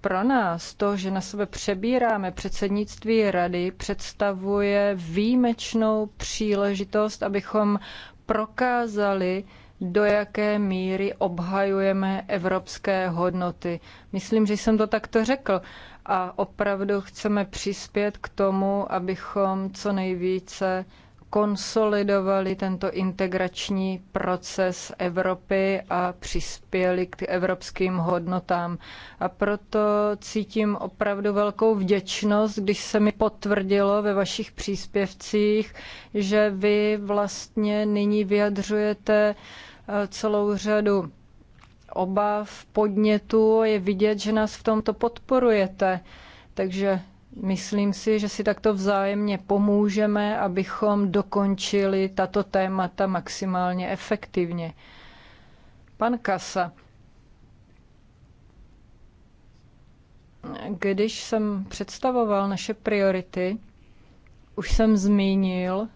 pro nás to, že na sebe přebíráme předsednictví rady, představuje výjimečnou příležitost, abychom prokázali, do jaké míry obhajujeme evropské hodnoty. Myslím, že jsem to takto řekl a opravdu chceme přispět k tomu, abychom co nejvíce konsolidovali tento integrační proces Evropy a přispěli k evropským hodnotám. A proto cítím opravdu velkou vděčnost, když se mi potvrdilo ve vašich příspěvcích, že vy vlastně nyní vyjadřujete eh, celou řadu obav, podnětů. Je vidět, že nás v tomto podporujete. Takže myslím si, že si takto vzájemně pomůžeme, abychom dokončili tato témata maximálně efektivně. Pan Kasa. Když jsem představoval naše priority, už jsem zmínil,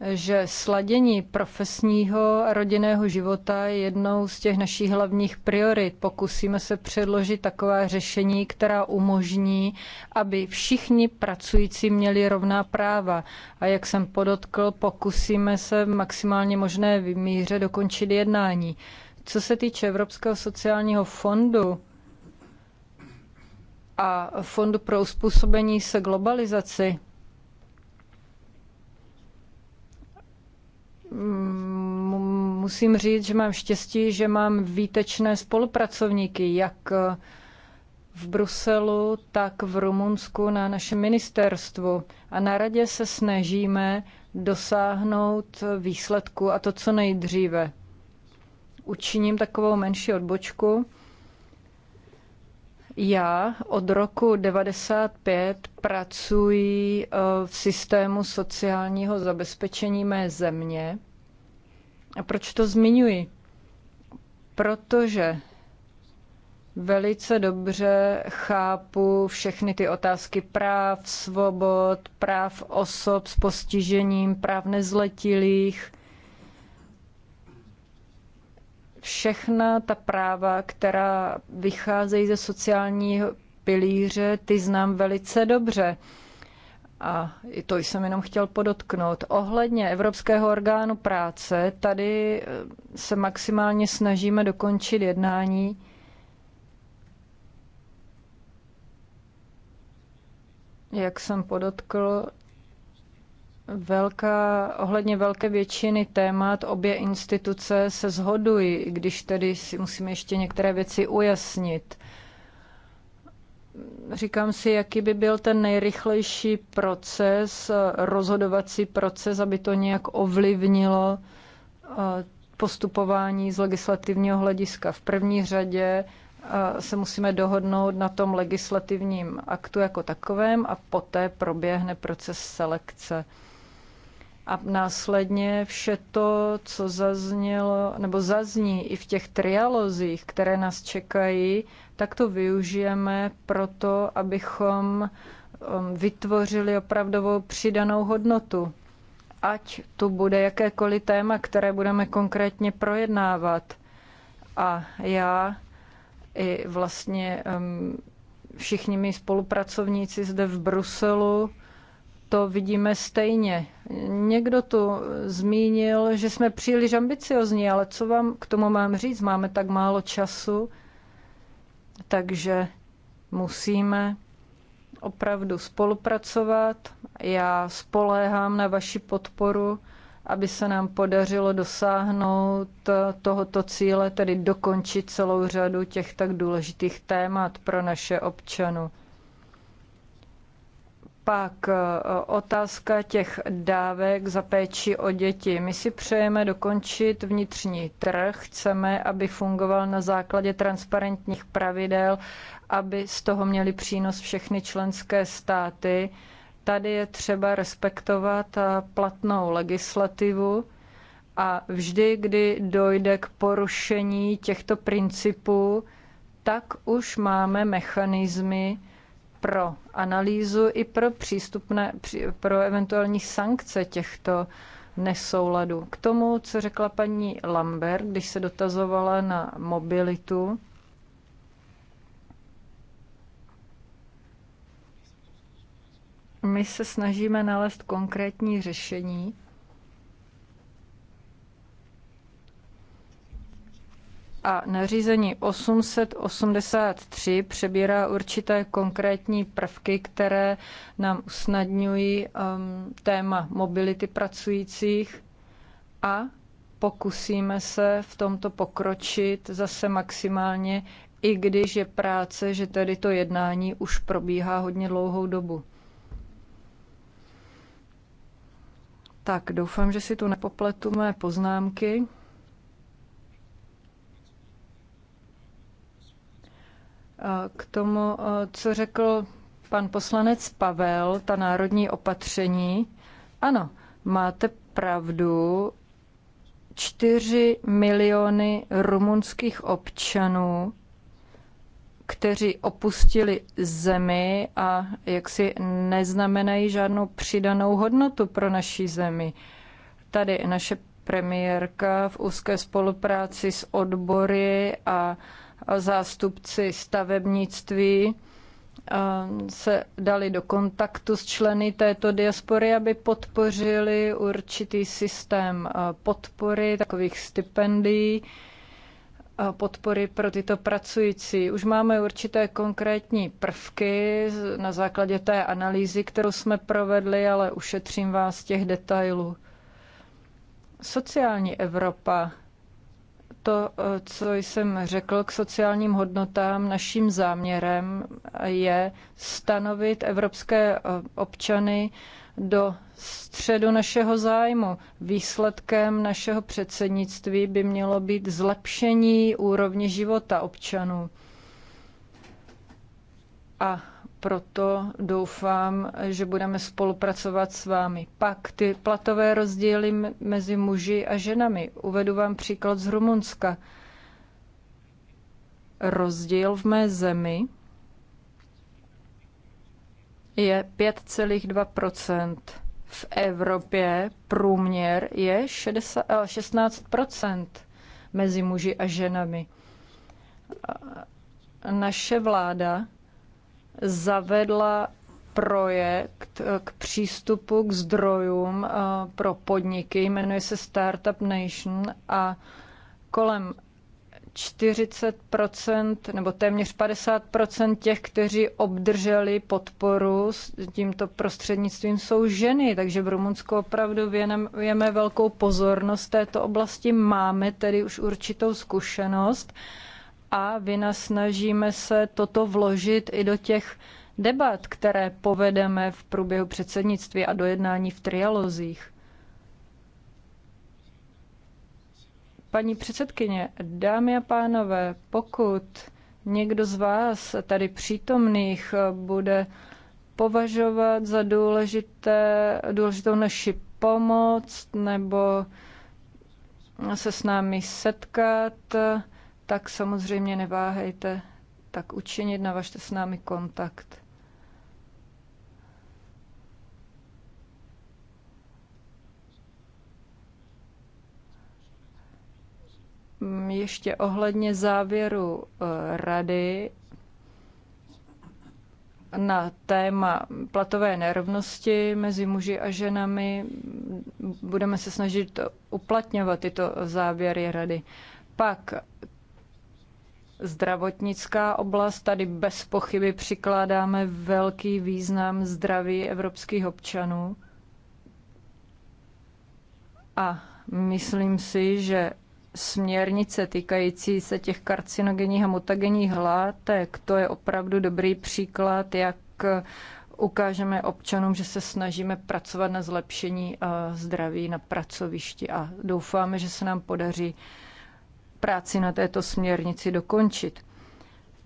že sladění profesního a rodinného života je jednou z těch našich hlavních priorit. Pokusíme se předložit taková řešení, která umožní, aby všichni pracující měli rovná práva. A jak jsem podotkl, pokusíme se v maximálně možné míře dokončit jednání. Co se týče Evropského sociálního fondu, a Fondu pro uspůsobení se globalizaci, Mm, musím říct, že mám štěstí, že mám výtečné spolupracovníky, jak eh, v Bruselu, tak v Rumunsku na našem ministerstvu. A na radě se snažíme dosáhnout výsledku a to co nejdříve. Učiním takovou menší odbočku. Já od roku 95 pracuji eh, v systému sociálního zabezpečení mé země. A proč to zmiňuji? Protože velice dobře chápu všechny ty otázky práv, svobod, práv osob s postižením, práv nezletilých všechna ta práva, která vycházejí ze sociálního pilíře, ty znám velice dobře. A i to jsem jenom chtěl podotknout. Ohledně Evropského orgánu práce, tady eh, se maximálně snažíme dokončit jednání. Jak jsem podotkl, Velká, ohledně velké většiny témat obě instituce se zhodují. když tedy si musíme ještě některé věci ujasnit. Říkám si, jaký by byl ten nejrychlejší proces, rozhodovací proces, aby to nějak ovlivnilo postupování z legislativního hlediska. V první řadě se musíme dohodnout na tom legislativním aktu jako takovém a poté proběhne proces selekce a následně vše to, co zaznělo nebo zazní i v těch trialozích, které nás čekají, tak to využijeme proto, abychom um, vytvořili opravdovou přidanou hodnotu. Ať tu bude jakékoliv téma, které budeme konkrétně projednávat. A já i vlastně um, všichni mi spolupracovníci zde v Bruselu to vidíme stejně. Někdo tu zmínil, že jsme příliš ambiciozní, ale co vám k tomu mám říct? Máme tak málo času, takže musíme opravdu spolupracovat. Já spoléhám na vaši podporu, aby se nám podařilo dosáhnout tohoto cíle, tedy dokončit celou řadu těch tak důležitých témat pro naše občanů. Pak eh, otázka těch dávek za péči o děti. My si přejeme dokončit vnitřní trh, chceme, aby fungoval na základě transparentních pravidel, aby z toho měli přínos všechny členské státy. Tady je třeba respektovat eh, platnou legislativu a vždy, kdy dojde k porušení těchto principů, tak už máme mechanismy, pro analýzu i pro přístupné, pro eventuální sankce těchto nesouladů. K tomu, co řekla paní Lambert, když se dotazovala na mobilitu, my se snažíme nalézt konkrétní řešení, a nařízení 883 přebírá určité konkrétní prvky, které nám usnadňují um, téma mobility pracujících a pokusíme se v tomto pokročit zase maximálně, i když je práce, že tedy to jednání už probíhá hodně dlouhou dobu. Tak, doufám, že si tu nepopletu mé poznámky. K tomu, eh, co řekl pan poslanec Pavel, ta národní opatření, ano, máte pravdu, 4 miliony rumunských občanů, kteří opustili zemi a jaksi neznamenají žádnou přidanou hodnotu pro naší zemi. Tady naše premiérka v úzké spolupráci s odbory a zástupci stavebnictví eh, se dali do kontaktu s členy této diaspory, aby podpořili určitý systém eh, podpory, takových stipendií, eh, podpory pro tyto pracující. Už máme určité konkrétní prvky na základě té analýzy, kterou jsme provedli, ale ušetřím vás těch detailů. Sociální Evropa to, co jsem řekl k sociálním hodnotám, naším záměrem je stanovit evropské eh, občany do středu našeho zájmu. Výsledkem našeho předsednictví by mělo být zlepšení úrovně života občanů. A proto doufám, že budeme spolupracovat s vámi. Pak ty platové rozdíly mezi muži a ženami. Uvedu vám příklad z Rumunska. Rozdíl v mé zemi je 5,2 v Evropě průměr je 60, 16 eh, mezi muži a ženami. Naše vláda zavedla projekt eh, k přístupu k zdrojům eh, pro podniky, jmenuje se Startup Nation a kolem 40% nebo téměř 50% těch, kteří obdrželi podporu s tímto prostřednictvím, jsou ženy. Takže v Rumunsku opravdu věnujeme velkou pozornost této oblasti. Máme tedy už určitou zkušenost a vynasnažíme se toto vložit i do těch debat, které povedeme v průběhu předsednictví a dojednání v trialozích. Paní předsedkyně, dámy a pánové, pokud někdo z vás tady přítomných bude považovat za důležité, důležitou naši pomoc nebo se s námi setkat, tak samozřejmě neváhejte tak učinit, navažte s námi kontakt. Mm, ještě ohledně závěru eh, rady na téma platové nerovnosti mezi muži a ženami. Budeme se snažit uplatňovat tyto závěry rady. Pak Zdravotnická oblast, tady bez pochyby přikládáme velký význam zdraví evropských občanů. A myslím si, že směrnice týkající se těch karcinogenních a mutagenních látek, to je opravdu dobrý příklad, jak ukážeme občanům, že se snažíme pracovat na zlepšení eh, zdraví na pracovišti a doufáme, že se nám podaří práci na této směrnici dokončit.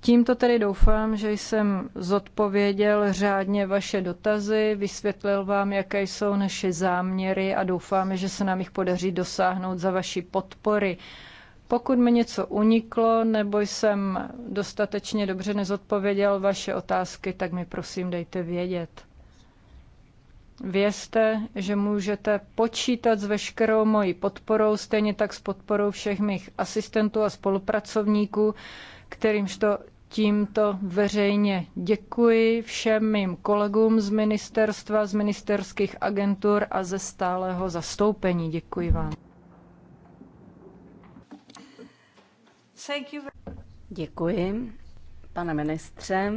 Tímto tedy doufám, že jsem zodpověděl řádně vaše dotazy, vysvětlil vám, jaké jsou naše záměry a doufáme, že se nám jich podaří dosáhnout za vaší podpory. Pokud mi něco uniklo nebo jsem dostatečně dobře nezodpověděl vaše otázky, tak mi prosím dejte vědět. Vězte, že můžete počítat s veškerou mojí podporou, stejně tak s podporou všech mých asistentů a spolupracovníků, kterýmž to tímto veřejně děkuji všem mým kolegům z ministerstva, z ministerských agentur a ze stálého zastoupení. Děkuji vám. Děkuji, pane ministře.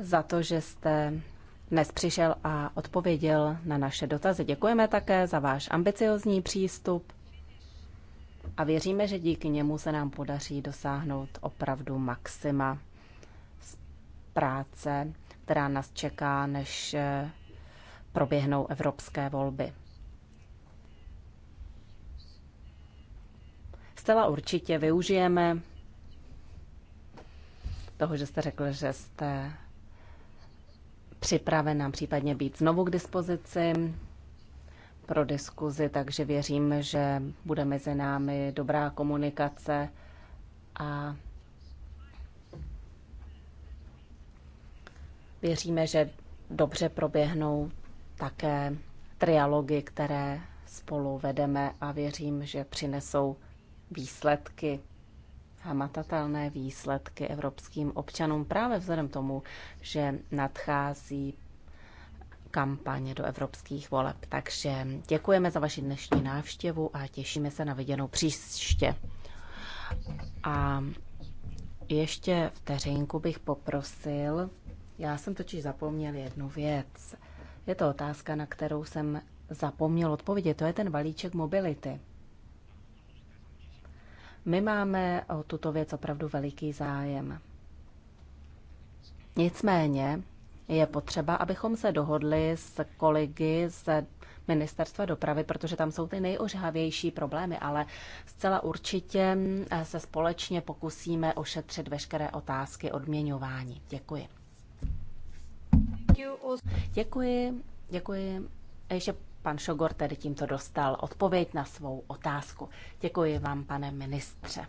za to, že jste dnes přišel a odpověděl na naše dotazy. Děkujeme také za váš ambiciozní přístup a věříme, že díky němu se nám podaří dosáhnout opravdu maxima z práce, která nás čeká, než eh, proběhnou evropské volby. Zcela určitě využijeme toho, že jste řekl, že jste připravena případně být znovu k dispozici pro diskuzi, takže věřím, že bude mezi námi dobrá komunikace a věříme, že dobře proběhnou také trialogy, které spolu vedeme a věřím, že přinesou výsledky hmatatelné výsledky evropským občanům právě vzhledem tomu, že nadchází kampaně do evropských voleb. Takže děkujeme za vaši dnešní návštěvu a těšíme se na viděnou příště. A ještě vteřinku bych poprosil. Já jsem totiž zapomněl jednu věc. Je to otázka, na kterou jsem zapomněl odpovědět. To je ten balíček mobility. My máme o tuto věc opravdu veliký zájem. Nicméně je potřeba, abychom se dohodli s kolegy z ministerstva dopravy, protože tam jsou ty nejožhavější problémy, ale zcela určitě eh, se společně pokusíme ošetřit veškeré otázky odměňování. Děkuji. Děkuji. Děkuji. Ještě Pan Šogor tedy tímto dostal odpověď na svou otázku. Děkuji vám, pane ministře.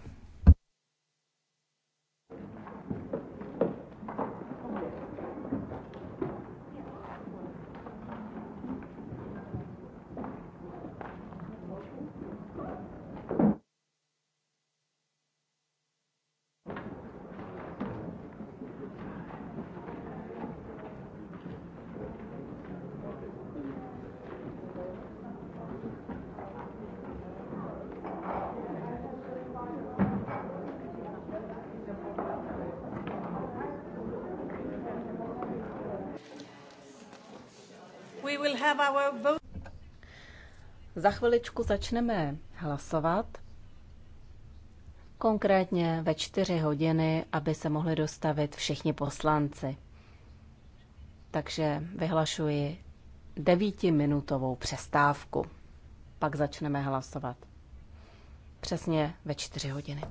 Za chviličku začneme hlasovat, konkrétně ve čtyři hodiny, aby se mohli dostavit všichni poslanci. Takže vyhlašuji devítiminutovou přestávku. Pak začneme hlasovat. Přesně ve čtyři hodiny.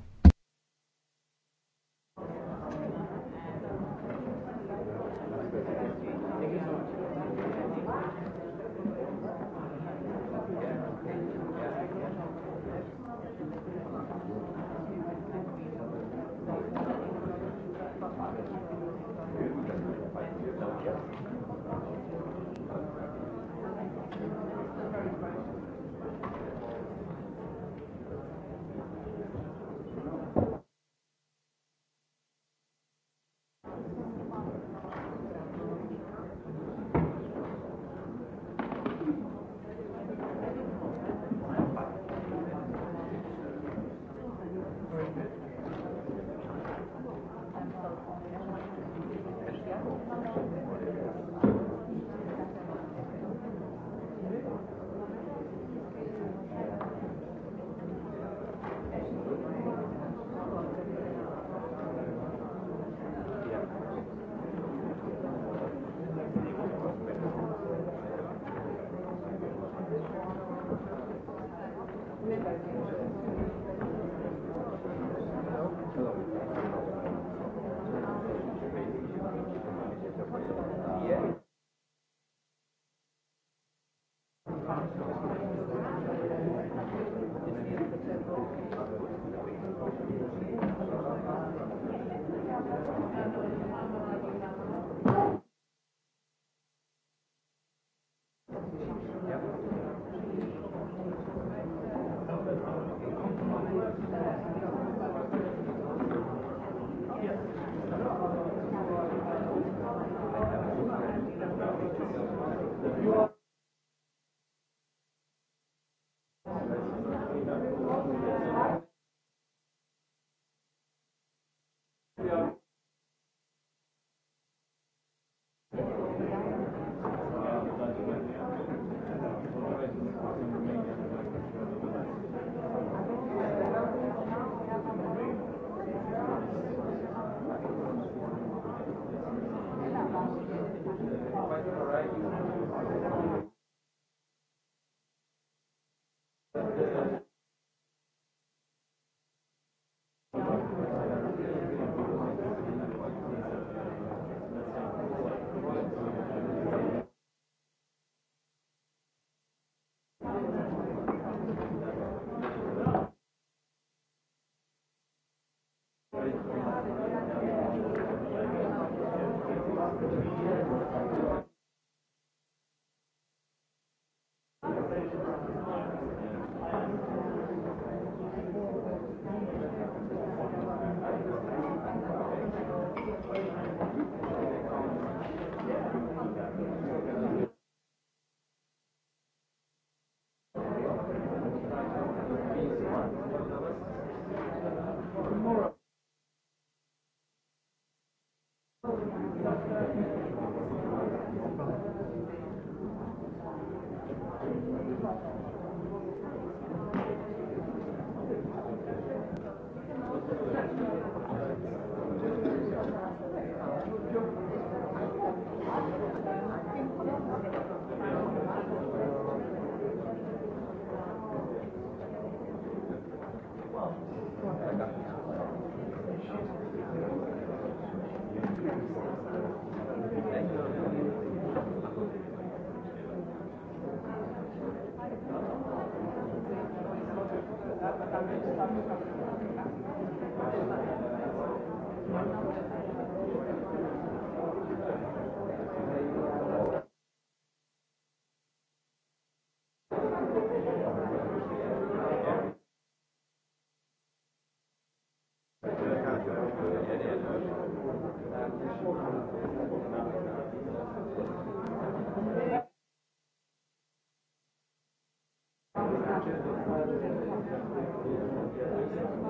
Thank you.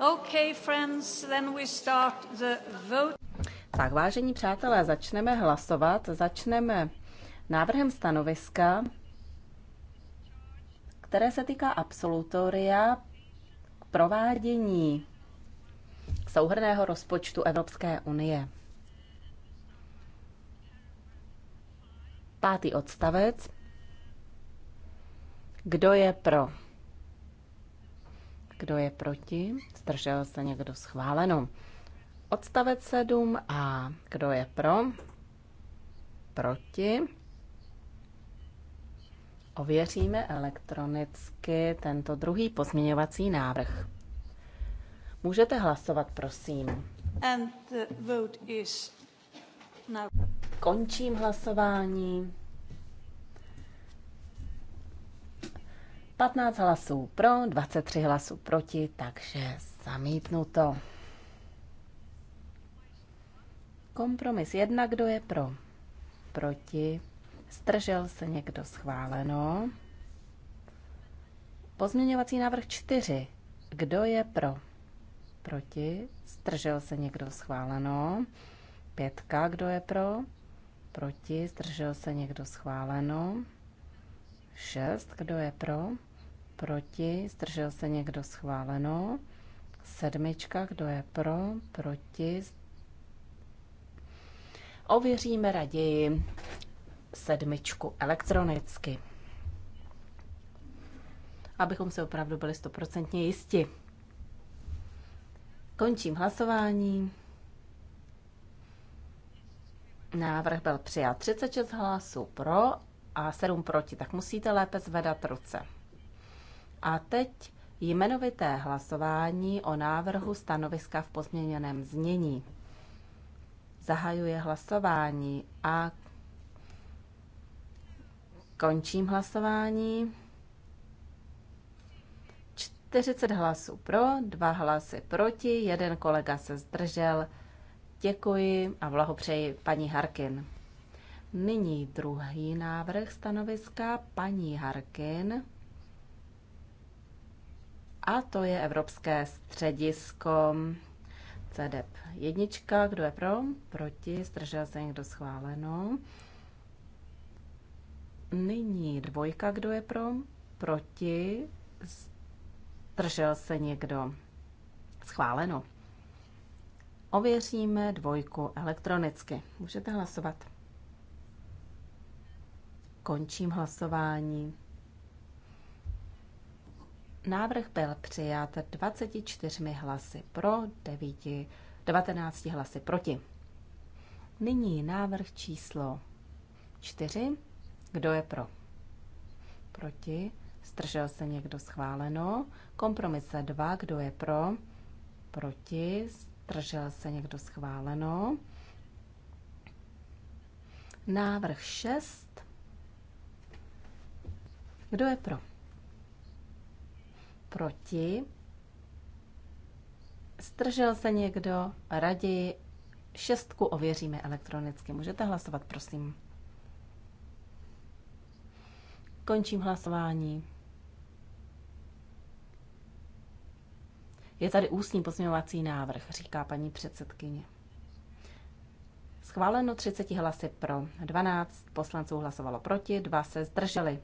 Okay, friends, then we start the vote. Tak vážení přátelé, začneme hlasovat. Začneme návrhem stanoviska, které se týká absolutoria k provádění souhrného rozpočtu Evropské unie. Pátý odstavec. Kdo je pro? Kdo je proti? Zdržel se někdo schváleno. Odstavec 7 a kdo je pro? Proti. Ověříme elektronicky tento druhý pozměňovací návrh. Můžete hlasovat, prosím. And the vote is now. Končím hlasování. 15 hlasů pro, 23 hlasů proti, takže zamítnuto. Kompromis 1, kdo je pro? Proti. Stržel se někdo schváleno. Pozměňovací návrh 4. Kdo je pro? Proti. Stržel se někdo schváleno. Pětka, kdo je pro? Proti. Stržel se někdo schváleno. Šest, kdo je pro? proti, zdržel se někdo schváleno. Sedmička, kdo je pro, proti. Ověříme raději sedmičku elektronicky, abychom se opravdu byli stoprocentně jisti. Končím hlasování. Návrh byl přijat 36 hlasů pro a 7 proti, tak musíte lépe zvedat ruce. A teď jmenovité hlasování o návrhu stanoviska v pozměněném znění. Zahajuje hlasování a končím hlasování. 40 hlasů pro, 2 hlasy proti, jeden kolega se zdržel. Děkuji a blahopřeji paní Harkin. Nyní druhý návrh stanoviska paní Harkin a to je Evropské středisko CDEP. Jednička, kdo je pro? Proti, zdržel se někdo schváleno. Nyní dvojka, kdo je pro? Proti, zdržel se někdo schváleno. Ověříme dvojku elektronicky. Můžete hlasovat. Končím hlasování. Návrh byl přijat 24 hlasy pro, 9, 19 hlasy proti. Nyní návrh číslo 4. Kdo je pro? Proti. Zdržel se někdo schváleno. Kompromise 2. Kdo je pro? Proti. Zdržel se někdo schváleno. Návrh 6. Kdo je pro? Proti? Zdržel se někdo? Raději šestku ověříme elektronicky. Můžete hlasovat, prosím. Končím hlasování. Je tady ústní pozměňovací návrh, říká paní předsedkyně. Schváleno 30 hlasy pro, 12 poslanců hlasovalo proti, 2 se zdrželi.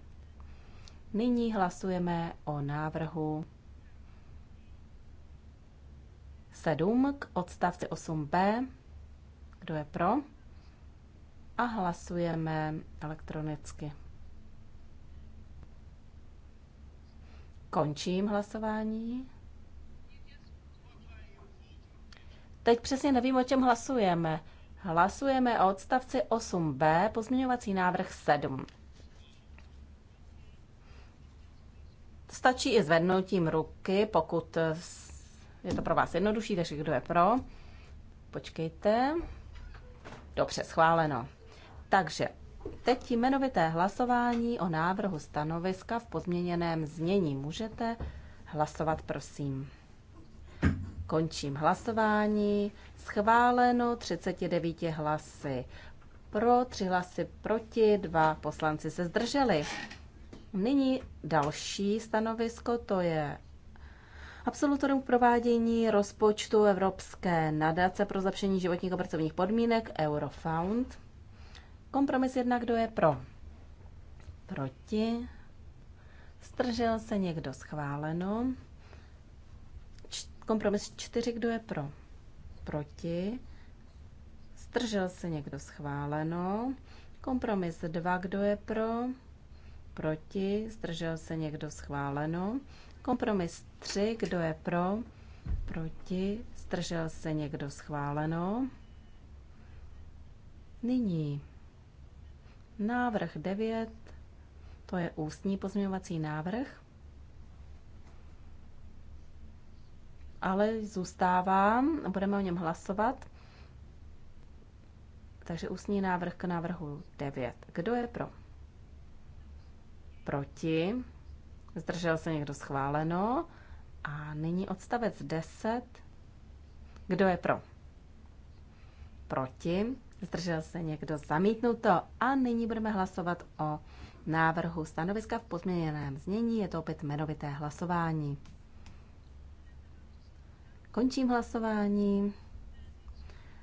Nyní hlasujeme o návrhu 7 k odstavci 8b. Kdo je pro? A hlasujeme elektronicky. Končím hlasování. Teď přesně nevím, o čem hlasujeme. Hlasujeme o odstavci 8b, pozměňovací návrh 7. Stačí i zvednutím ruky, pokud je to pro vás jednodušší, takže kdo je pro? Počkejte. Dobře, schváleno. Takže teď jmenovité hlasování o návrhu stanoviska v pozměněném znění. Můžete hlasovat, prosím. Končím hlasování. Schváleno 39 hlasy pro, 3 hlasy proti, 2 poslanci se zdrželi. Nyní další stanovisko, to je absolutorium provádění rozpočtu Evropské nadace pro zlepšení životních a pracovních podmínek Eurofound. Kompromis jednak, kdo je pro? Proti? Stržel se někdo schváleno? Kompromis čtyři kdo je pro? Proti? Stržel se někdo schváleno? Kompromis 2, kdo je pro? proti, zdržel se někdo schváleno. Kompromis 3, kdo je pro, proti, zdržel se někdo schváleno. Nyní návrh 9, to je ústní pozměňovací návrh, ale zůstává, budeme o něm hlasovat. Takže ústní návrh k návrhu 9. Kdo je pro? Proti? Zdržel se někdo schváleno? A nyní odstavec 10. Kdo je pro? Proti? Zdržel se někdo zamítnuto? A nyní budeme hlasovat o návrhu stanoviska v pozměněném znění. Je to opět jmenovité hlasování. Končím hlasování.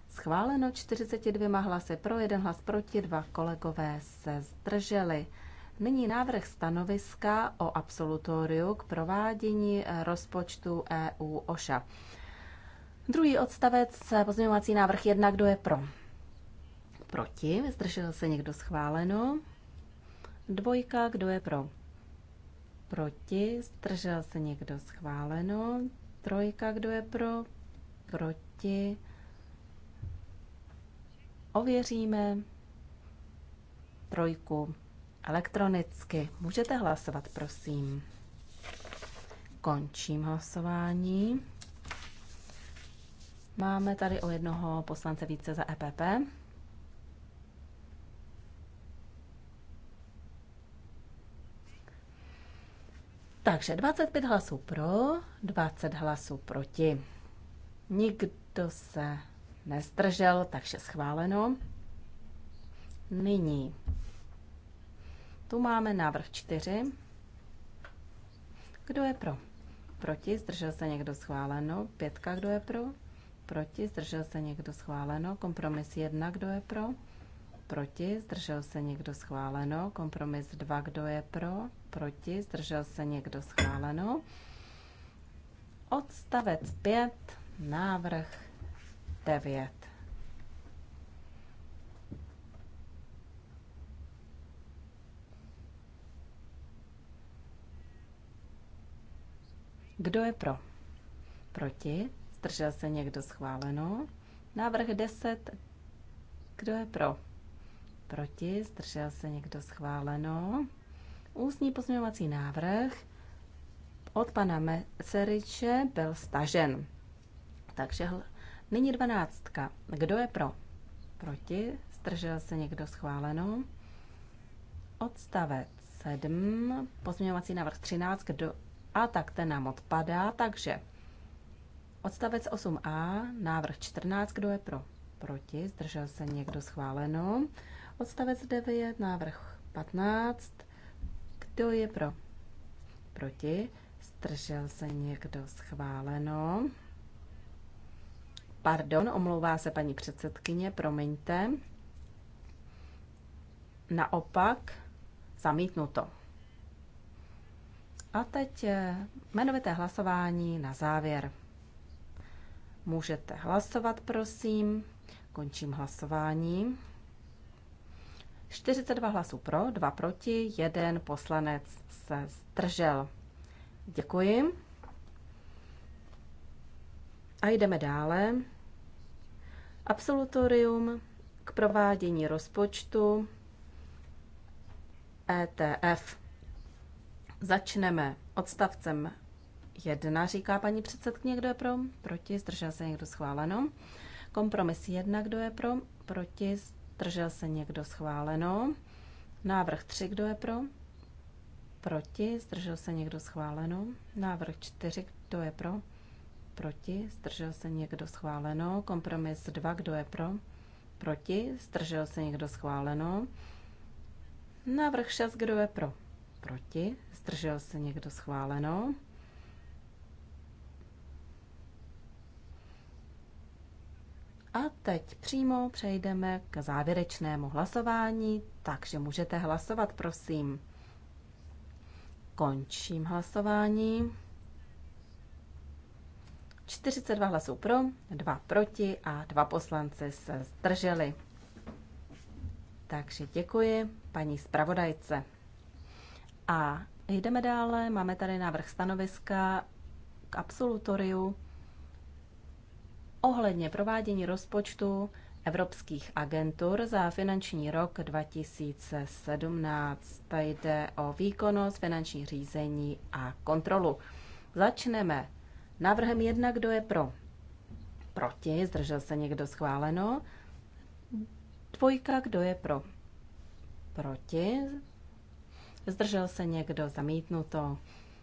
Schváleno 42 hlasy pro, jeden hlas proti, dva kolegové se zdrželi. Nyní návrh stanoviska o absolutoriu k provádění eh, rozpočtu EU OŠA. Druhý odstavec, eh, pozměňovací návrh 1, kdo je pro? Proti, zdržel se někdo schváleno. Dvojka, kdo je pro? Proti, zdržel se někdo schváleno. Trojka, kdo je pro? Proti. Ověříme trojku elektronicky. Můžete hlasovat, prosím. Končím hlasování. Máme tady o jednoho poslance více za EPP. Takže 25 hlasů pro, 20 hlasů proti. Nikdo se nezdržel, takže schváleno. Nyní tu máme návrh 4. Kdo je pro? Proti, zdržel se někdo schváleno. Pětka, kdo je pro? Proti, zdržel se někdo schváleno. Kompromis 1, kdo je pro? Proti, zdržel se někdo schváleno. Kompromis 2, kdo je pro? Proti, zdržel se někdo schváleno. Odstavec 5, návrh 9. Kdo je pro? Proti? Zdržel se někdo schváleno? Návrh 10. Kdo je pro? Proti? Zdržel se někdo schváleno? Ústní pozměňovací návrh od pana Meseriče byl stažen. Takže nyní dvanáctka. Kdo je pro? Proti? Zdržel se někdo schváleno? Odstavec 7, pozměňovací návrh 13, kdo a tak ten nám odpadá. Takže odstavec 8a, návrh 14, kdo je pro? Proti, zdržel se někdo schváleno. Odstavec 9, návrh 15, kdo je pro? Proti, zdržel se někdo schváleno. Pardon, omlouvá se paní předsedkyně, promiňte. Naopak, zamítnuto. A teď eh, jmenovité hlasování na závěr. Můžete hlasovat, prosím. Končím hlasování. 42 hlasů pro, 2 proti, 1 poslanec se zdržel. Děkuji. A jdeme dále. Absolutorium k provádění rozpočtu ETF. Začneme odstavcem 1, říká paní předsedkyně, kdo je pro, proti, zdržel se někdo schváleno. Kompromis 1, kdo je pro, proti, zdržel se někdo schváleno. Návrh 3, kdo je pro, proti, zdržel se někdo schváleno. Návrh 4, kdo je pro, proti, zdržel se někdo schváleno. Kompromis 2, kdo je pro, proti, zdržel se někdo schváleno. Návrh 6, kdo je pro, proti? Zdržel se někdo schváleno? A teď přímo přejdeme k závěrečnému hlasování, takže můžete hlasovat, prosím. Končím hlasování. 42 hlasů pro, 2 proti a 2 poslanci se zdrželi. Takže děkuji paní zpravodajce. A jdeme dále, máme tady návrh stanoviska k absolutoriu ohledně provádění rozpočtu evropských agentur za finanční rok 2017. Tady jde o výkonnost, finanční řízení a kontrolu. Začneme návrhem jedna, kdo je pro. Proti, zdržel se někdo schváleno. Dvojka, kdo je pro. Proti, Zdržel se někdo? Zamítnuto.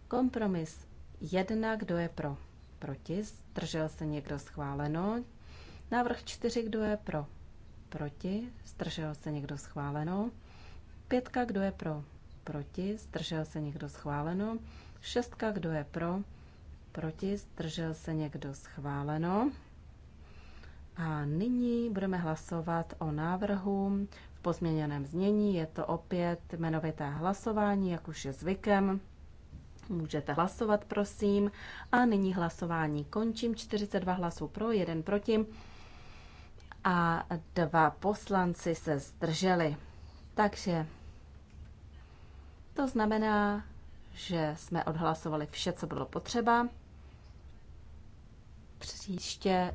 Kompromis Jedna, Kdo je pro? Proti. Zdržel se někdo? Schváleno. Návrh čtyři, Kdo je pro? Proti. Zdržel se někdo? Schváleno. Pětka, kdo je pro? Proti. Zdržel se někdo? Schváleno. Šestka, kdo je pro? Proti. Zdržel se někdo? Schváleno. A nyní budeme hlasovat o návrhu pozměněném znění. Je to opět jmenovité hlasování, jak už je zvykem. Můžete hlasovat, prosím. A nyní hlasování končím. 42 hlasů pro, jeden proti a dva poslanci se zdrželi. Takže to znamená, že jsme odhlasovali vše, co bylo potřeba. Příště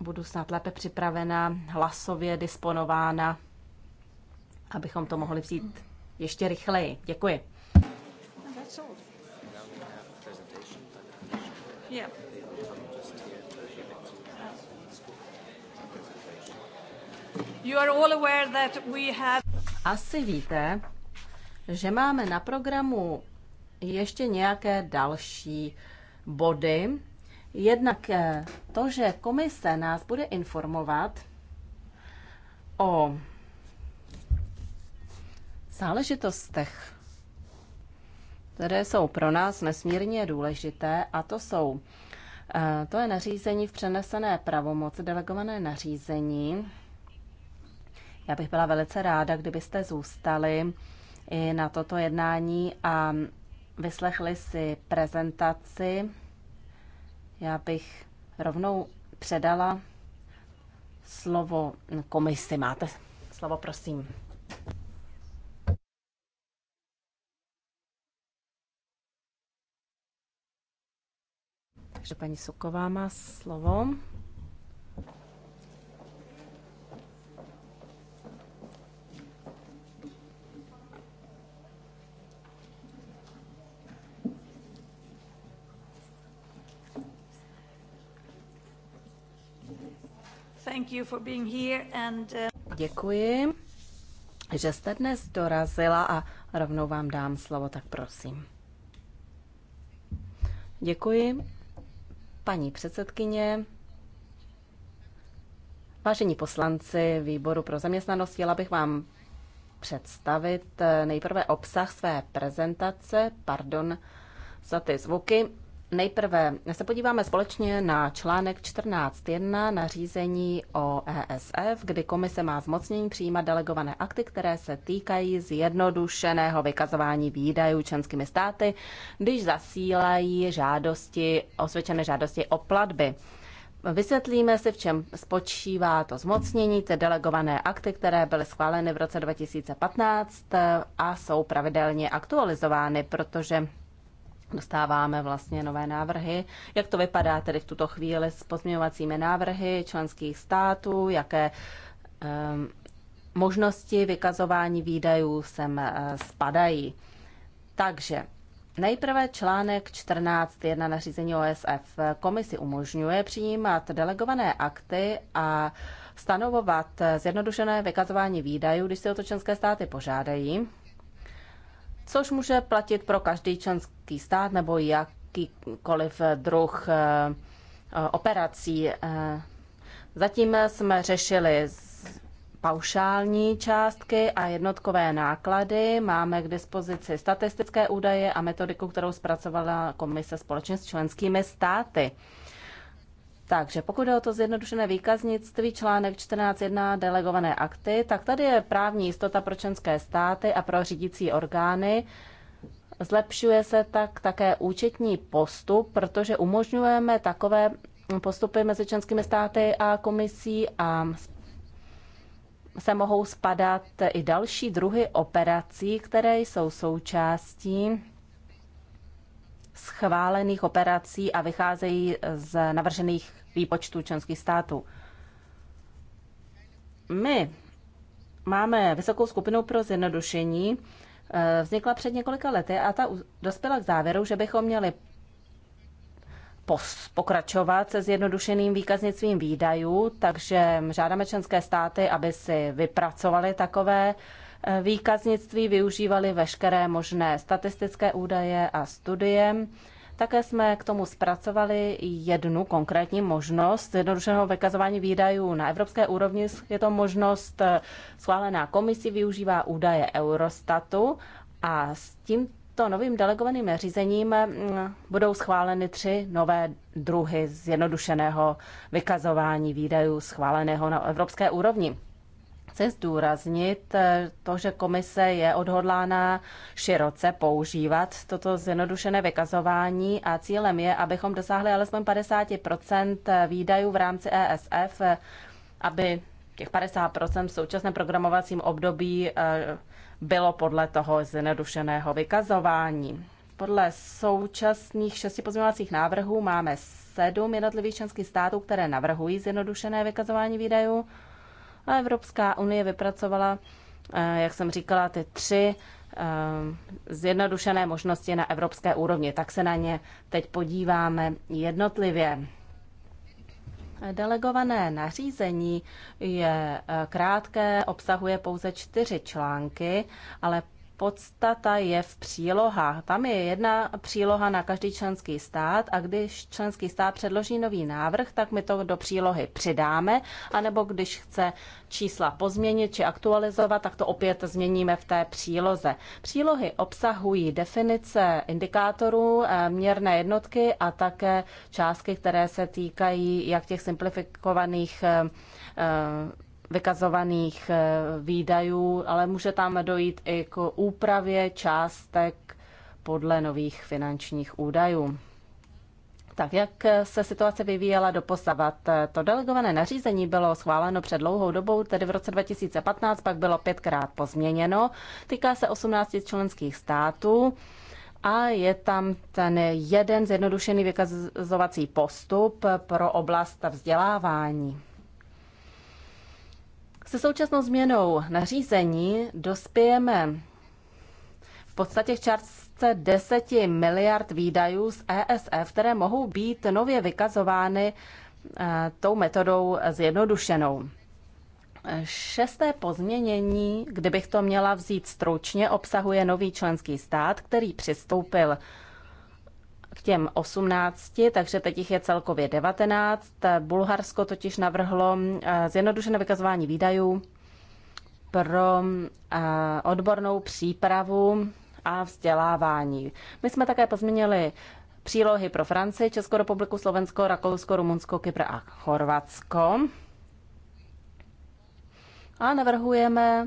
budu snad lépe připravena, hlasově disponována abychom to mohli vzít ještě rychleji. Děkuji. Asi víte, že máme na programu ještě nějaké další body. Jednak eh, to, že komise nás bude informovat o záležitostech, které jsou pro nás nesmírně důležité, a to jsou eh, to je nařízení v přenesené pravomoci, delegované nařízení. Já bych byla velice ráda, kdybyste zůstali i na toto jednání a vyslechli si prezentaci. Já bych rovnou předala slovo komisi. Máte slovo, prosím. Takže paní Suková má slovo. Uh, Děkuji, že jste dnes dorazila a rovnou vám dám slovo, tak prosím. Děkuji, Paní předsedkyně, vážení poslanci výboru pro zaměstnanost, chtěla bych vám představit eh, nejprve obsah své prezentace, pardon za ty zvuky. Nejprve se podíváme společně na článek 14.1 nařízení o ESF, kdy komise má zmocnění přijímat delegované akty, které se týkají zjednodušeného vykazování výdajů členskými státy, když zasílají žádosti, osvědčené žádosti o platby. Vysvětlíme si, v čem spočívá to zmocnění, ty delegované akty, které byly schváleny v roce 2015 a jsou pravidelně aktualizovány, protože Dostáváme vlastně nové návrhy. Jak to vypadá tedy v tuto chvíli s pozměňovacími návrhy členských států? Jaké um, možnosti vykazování výdajů sem eh, spadají? Takže Nejprve článek 14.1 nařízení OSF komisi umožňuje přijímat delegované akty a stanovovat zjednodušené vykazování výdajů, když si o to členské státy požádají což může platit pro každý členský stát nebo jakýkoliv druh eh, eh, operací. Eh, zatím jsme řešili paušální částky a jednotkové náklady. Máme k dispozici statistické údaje a metodiku, kterou zpracovala komise společně s členskými státy. Takže pokud je o to zjednodušené výkaznictví, článek 14.1 delegované akty, tak tady je právní jistota pro členské státy a pro řídící orgány. Zlepšuje se tak také účetní postup, protože umožňujeme takové postupy mezi členskými státy a komisí a se mohou spadat i další druhy operací, které jsou součástí schválených operací a vycházejí z navržených výpočtů členských států. My máme vysokou skupinu pro zjednodušení, eh, vznikla před několika lety a ta dospěla k závěru, že bychom měli pokračovat se zjednodušeným výkaznictvím výdajů, takže žádáme členské státy, aby si vypracovali takové výkaznictví využívali veškeré možné statistické údaje a studie. Také jsme k tomu zpracovali jednu konkrétní možnost jednodušeného vykazování výdajů na evropské úrovni. Je to možnost eh, schválená komisí, využívá údaje Eurostatu a s tímto novým delegovaným řízením mm, budou schváleny tři nové druhy zjednodušeného vykazování výdajů schváleného na evropské úrovni. Chci zdůraznit eh, to, že komise je odhodlána široce používat toto zjednodušené vykazování a cílem je, abychom dosáhli alespoň 50 eh, výdajů v rámci ESF, eh, aby těch 50 v současném programovacím období bylo podle toho zjednodušeného vykazování. Podle současných šesti pozměňovacích návrhů máme sedm jednotlivých členských států, které navrhují zjednodušené vykazování výdajů. A Evropská unie vypracovala, eh, jak jsem říkala, ty tři eh, zjednodušené možnosti na evropské úrovni. Tak se na ně teď podíváme jednotlivě. Delegované nařízení je eh, krátké, obsahuje pouze čtyři články, ale podstata je v přílohách. Tam je jedna příloha na každý členský stát a když členský stát předloží nový návrh, tak my to do přílohy přidáme, anebo když chce čísla pozměnit či aktualizovat, tak to opět změníme v té příloze. Přílohy obsahují definice indikátorů, eh, měrné jednotky a také částky, které se týkají jak těch simplifikovaných eh, eh, vykazovaných eh, výdajů, ale může tam dojít i k úpravě částek podle nových finančních údajů. Tak jak se situace vyvíjela do posavat? To delegované nařízení bylo schváleno před dlouhou dobou, tedy v roce 2015, pak bylo pětkrát pozměněno. Týká se 18 členských států a je tam ten jeden zjednodušený vykazovací postup pro oblast vzdělávání. Se současnou změnou nařízení dospějeme v podstatě v částce 10 miliard výdajů z ESF, které mohou být nově vykazovány e, tou metodou zjednodušenou. Šesté pozměnění, kdybych to měla vzít stručně, obsahuje nový členský stát, který přistoupil k těm 18, takže teď jich je celkově 19. Bulharsko totiž navrhlo eh, zjednodušené vykazování výdajů pro eh, odbornou přípravu a vzdělávání. My jsme také pozměnili přílohy pro Francii, Českou republiku, Slovensko, Rakousko, Rumunsko, Kypr a Chorvatsko. A navrhujeme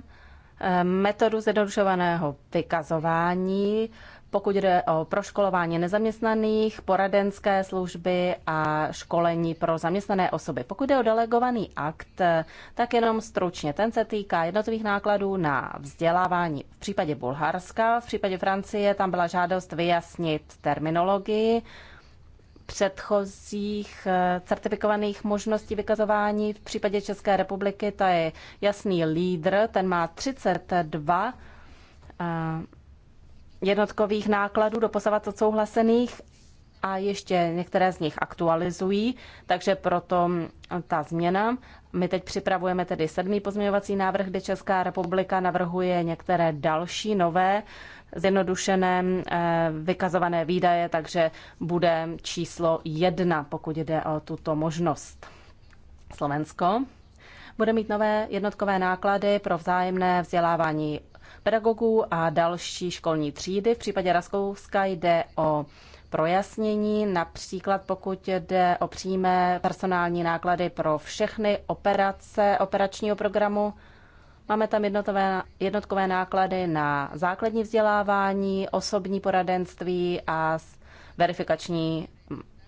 eh, metodu zjednodušovaného vykazování, pokud jde o proškolování nezaměstnaných, poradenské služby a školení pro zaměstnané osoby. Pokud jde o delegovaný akt, tak jenom stručně. Ten se týká jednotlivých nákladů na vzdělávání v případě Bulharska, v případě Francie tam byla žádost vyjasnit terminologii předchozích eh, certifikovaných možností vykazování. V případě České republiky to je jasný lídr, ten má 32 jednotkových nákladů doposavat odsouhlasených a ještě některé z nich aktualizují, takže proto ta změna. My teď připravujeme tedy sedmý pozměňovací návrh, kde Česká republika navrhuje některé další nové zjednodušené eh, vykazované výdaje, takže bude číslo jedna, pokud jde o tuto možnost. Slovensko bude mít nové jednotkové náklady pro vzájemné vzdělávání pedagogů a další školní třídy. V případě Raskouska jde o projasnění, například pokud jde o přímé personální náklady pro všechny operace operačního programu. Máme tam jednotové, jednotkové náklady na základní vzdělávání, osobní poradenství a verifikační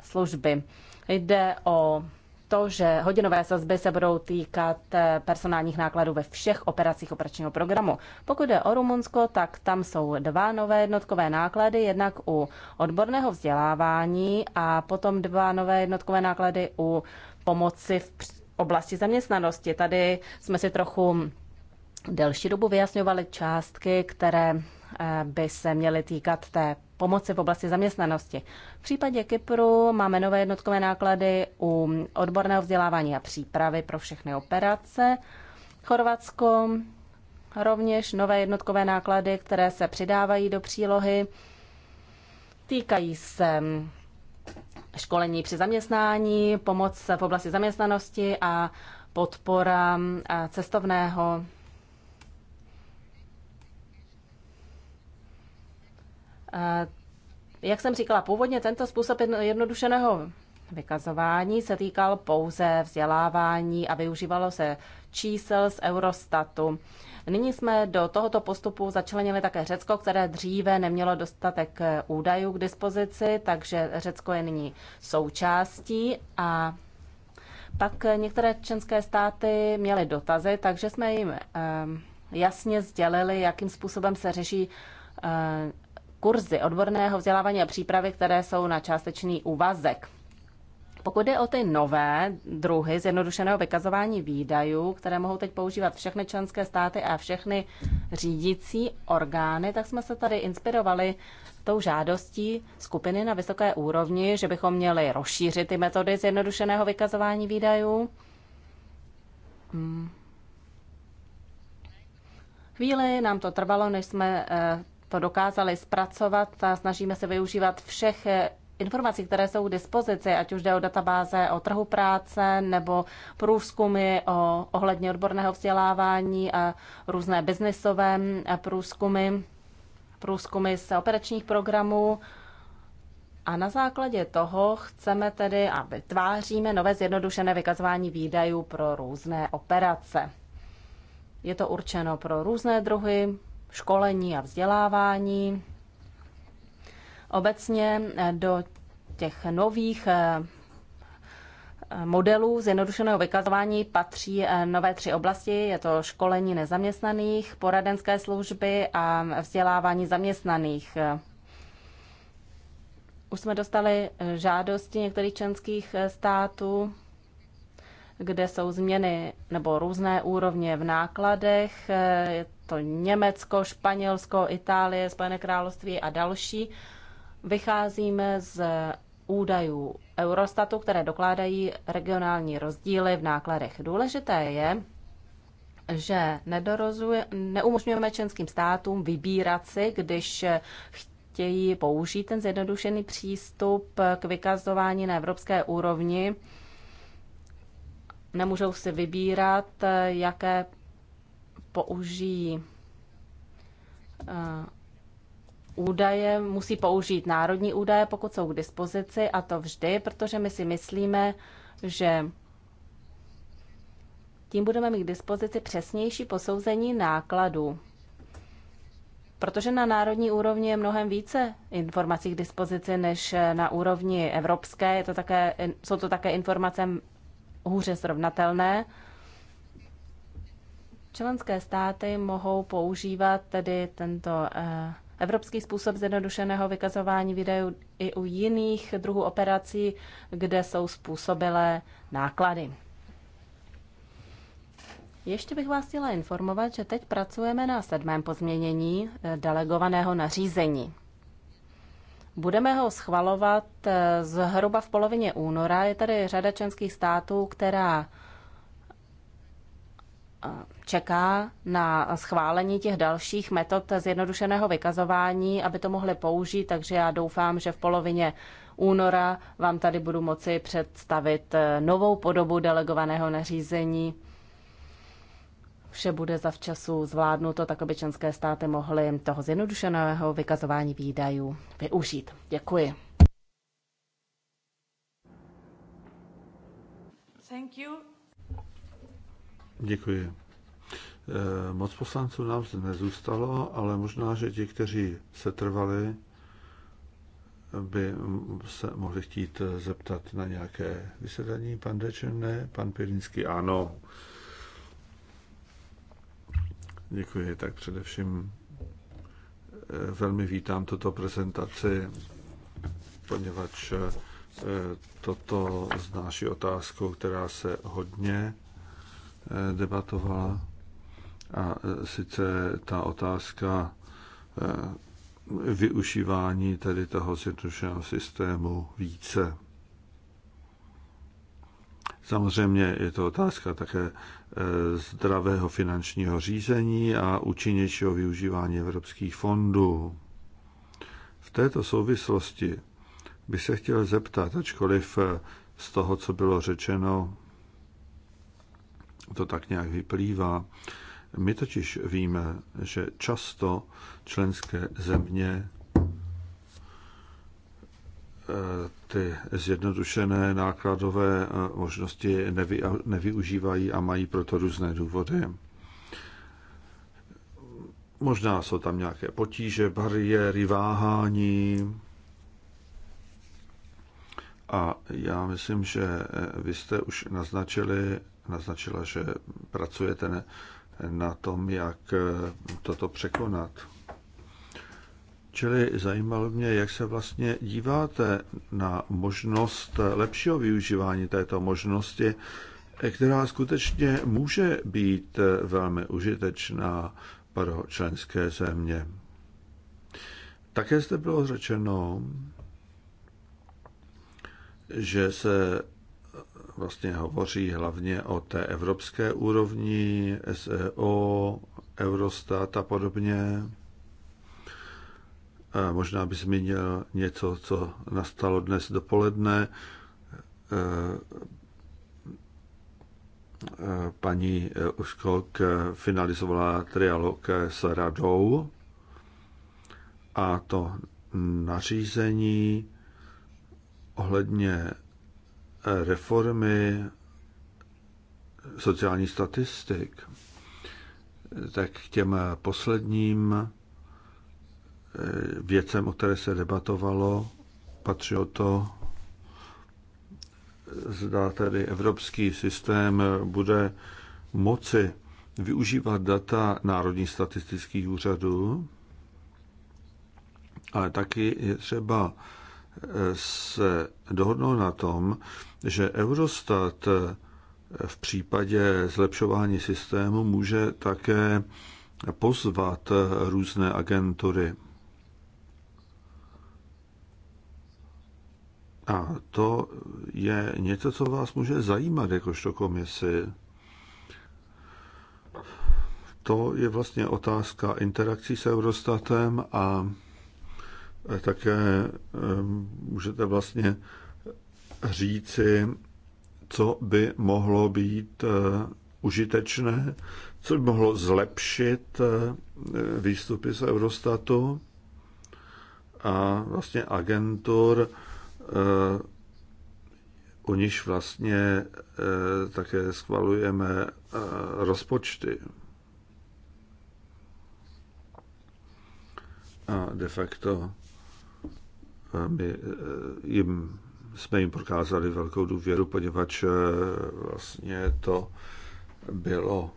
služby. Jde o to, že hodinové sazby se budou týkat eh, personálních nákladů ve všech operacích operačního programu. Pokud jde o Rumunsko, tak tam jsou dva nové jednotkové náklady, jednak u odborného vzdělávání a potom dva nové jednotkové náklady u pomoci v oblasti zaměstnanosti. Tady jsme si trochu delší dobu vyjasňovali částky, které eh, by se měly týkat té pomoci v oblasti zaměstnanosti. V případě Kypru máme nové jednotkové náklady u odborného vzdělávání a přípravy pro všechny operace. Chorvatsko rovněž nové jednotkové náklady, které se přidávají do přílohy, týkají se školení při zaměstnání, pomoc v oblasti zaměstnanosti a podpora cestovného Eh, jak jsem říkala, původně tento způsob jednodušeného vykazování se týkal pouze vzdělávání a využívalo se čísel z Eurostatu. Nyní jsme do tohoto postupu začlenili také Řecko, které dříve nemělo dostatek eh, údajů k dispozici, takže Řecko je nyní součástí a pak některé členské státy měly dotazy, takže jsme jim eh, jasně sdělili, jakým způsobem se řeší kurzy odborného vzdělávání a přípravy, které jsou na částečný úvazek. Pokud jde o ty nové druhy zjednodušeného vykazování výdajů, které mohou teď používat všechny členské státy a všechny řídící orgány, tak jsme se tady inspirovali tou žádostí skupiny na vysoké úrovni, že bychom měli rozšířit ty metody zjednodušeného vykazování výdajů. Hmm. Chvíli nám to trvalo, než jsme eh, to dokázali zpracovat a snažíme se využívat všech eh, informací, které jsou k dispozici, ať už jde o databáze o trhu práce nebo průzkumy o, ohledně odborného vzdělávání a různé biznisové průzkumy, průzkumy z operačních programů. A na základě toho chceme tedy a vytváříme nové zjednodušené vykazování výdajů pro různé operace. Je to určeno pro různé druhy školení a vzdělávání. Obecně eh, do těch nových eh, modelů zjednodušeného vykazování patří eh, nové tři oblasti. Je to školení nezaměstnaných, poradenské služby a vzdělávání zaměstnaných. Už jsme dostali žádosti některých členských států kde jsou změny nebo různé úrovně v nákladech. Eh, je to Německo, Španělsko, Itálie, Spojené království a další. Vycházíme z údajů Eurostatu, které dokládají regionální rozdíly v nákladech. Důležité je, že neumožňujeme členským státům vybírat si, když chtějí použít ten zjednodušený přístup k vykazování na evropské úrovni, Nemůžou si vybírat, eh, jaké použijí eh, údaje, musí použít národní údaje, pokud jsou k dispozici, a to vždy, protože my si myslíme, že tím budeme mít k dispozici přesnější posouzení nákladů. Protože na národní úrovni je mnohem více informací k dispozici než na úrovni evropské. Je to také, jsou to také informace hůře srovnatelné. Členské státy mohou používat tedy tento eh, evropský způsob zjednodušeného vykazování videů i u jiných druhů operací, kde jsou způsobilé náklady. Ještě bych vás chtěla informovat, že teď pracujeme na sedmém pozměnění eh, delegovaného nařízení. Budeme ho schvalovat eh, zhruba v polovině února. Je tady řada členských států, která eh, čeká na schválení těch dalších metod zjednodušeného vykazování, aby to mohli použít, takže já doufám, že v polovině února vám tady budu moci představit eh, novou podobu delegovaného nařízení vše bude zavčasu zvládnuto, tak aby členské státy mohly toho zjednodušeného vykazování výdajů využít. Děkuji. Thank you. Děkuji. Eh, moc poslanců nám nezůstalo, ale možná, že ti, kteří se trvali, by se mohli chtít eh, zeptat na nějaké vysedání. Pan Dečen ne, pan Pirinský ano. Děkuji, tak především eh, velmi vítám tuto prezentaci, poněvadž eh, toto znáší otázku, která se hodně eh, debatovala. A sice ta otázka využívání tedy toho zjednodušeného systému více. Samozřejmě je to otázka také zdravého finančního řízení a účinnějšího využívání evropských fondů. V této souvislosti by se chtěl zeptat, ačkoliv z toho, co bylo řečeno, to tak nějak vyplývá. My totiž víme, že často členské země ty zjednodušené nákladové eh, možnosti nevy, nevyužívají a mají proto různé důvody. Možná jsou tam nějaké potíže, bariéry, váhání. A já myslím, že eh, vy jste už naznačili, naznačila, že pracujete na tom, jak eh, toto překonat. Čili zajímalo mě, jak se vlastně díváte na možnost lepšího využívání této možnosti, která skutečně může být velmi užitečná pro členské země. Také zde bylo řečeno, že se vlastně hovoří hlavně o té evropské úrovni, SEO, Eurostat a podobně. Možná by zmínil něco, co nastalo dnes dopoledne. E, e, paní Uskok finalizovala trialog s radou a to nařízení ohledně reformy sociálních statistik, tak k těm posledním věcem, o které se debatovalo. Patřilo to, zda tedy evropský systém bude moci využívat data národních statistických úřadů, ale taky je třeba eh, se dohodnout na tom, že Eurostat eh, v případě zlepšování systému může také pozvat eh, různé agentury. A to je něco, co vás může zajímat jakožto komisi. To je vlastně otázka interakcí s Eurostatem a také eh, můžete vlastně říci, co by mohlo být eh, užitečné, co by mohlo zlepšit eh, výstupy z Eurostatu a vlastně agentur, u eh, níž vlastně eh, také schvalujeme eh, rozpočty. A de facto my jim, jsme jim prokázali velkou důvěru, poněvadž vlastně to bylo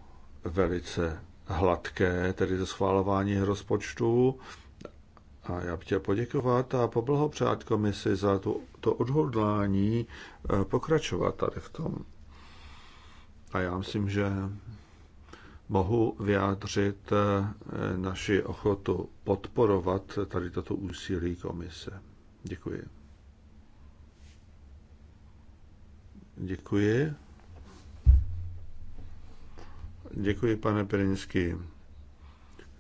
velice hladké, tedy to schvalování rozpočtu. A já bych chtěl poděkovat a poblahopřát komisi za to, to odhodlání eh, pokračovat tady v tom. A já myslím, že mohu vyjádřit eh, naši ochotu podporovat tady toto úsilí komise. Děkuji. Děkuji. Děkuji, pane Perinský.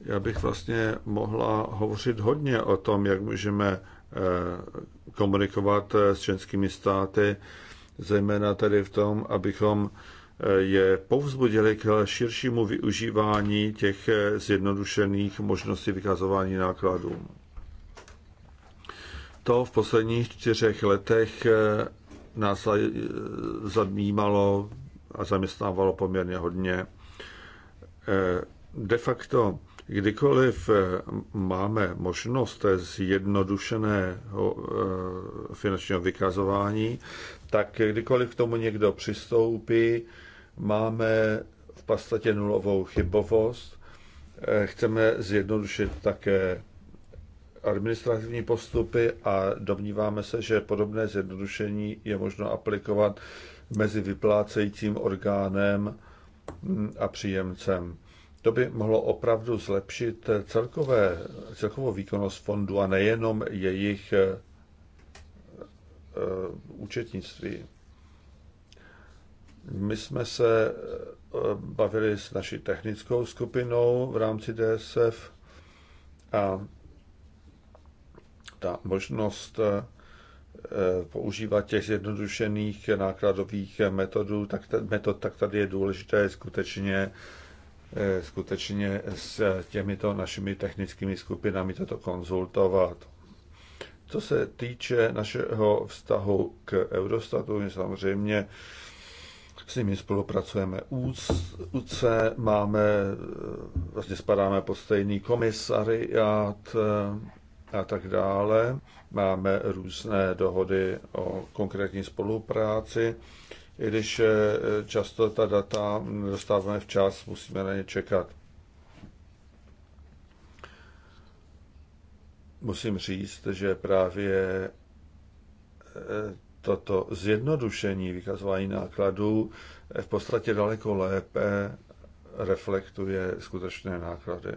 Já bych vlastně mohla hovořit hodně o tom, jak můžeme eh, komunikovat eh, s členskými státy, zejména tady v tom, abychom eh, je povzbudili k širšímu využívání těch zjednodušených možností vykazování nákladů. To v posledních čtyřech letech nás zajímalo a zaměstnávalo poměrně hodně. De facto Kdykoliv eh, máme možnost zjednodušeného eh, finančního vykazování, tak kdykoliv k tomu někdo přistoupí, máme v podstatě nulovou chybovost. Eh, chceme zjednodušit také administrativní postupy a domníváme se, že podobné zjednodušení je možno aplikovat mezi vyplácejícím orgánem hm, a příjemcem. To by mohlo opravdu zlepšit celkové, celkovou výkonnost fondu a nejenom jejich eh, eh, účetnictví. My jsme se eh, bavili s naší technickou skupinou v rámci DSF a ta možnost používat těch zjednodušených nákladových metodů, tak, metod, tak tady je důležité skutečně Eh, skutečně s těmito našimi technickými skupinami toto konzultovat. Co se týče našeho vztahu k Eurostatu, my samozřejmě s nimi spolupracujeme Uc máme, vlastně spadáme pod stejný komisariát eh, a tak dále. Máme různé dohody o konkrétní spolupráci i když eh, často ta data dostáváme včas, musíme na ně čekat. Musím říct, že právě eh, toto zjednodušení vykazování nákladů eh, v podstatě daleko lépe reflektuje skutečné náklady.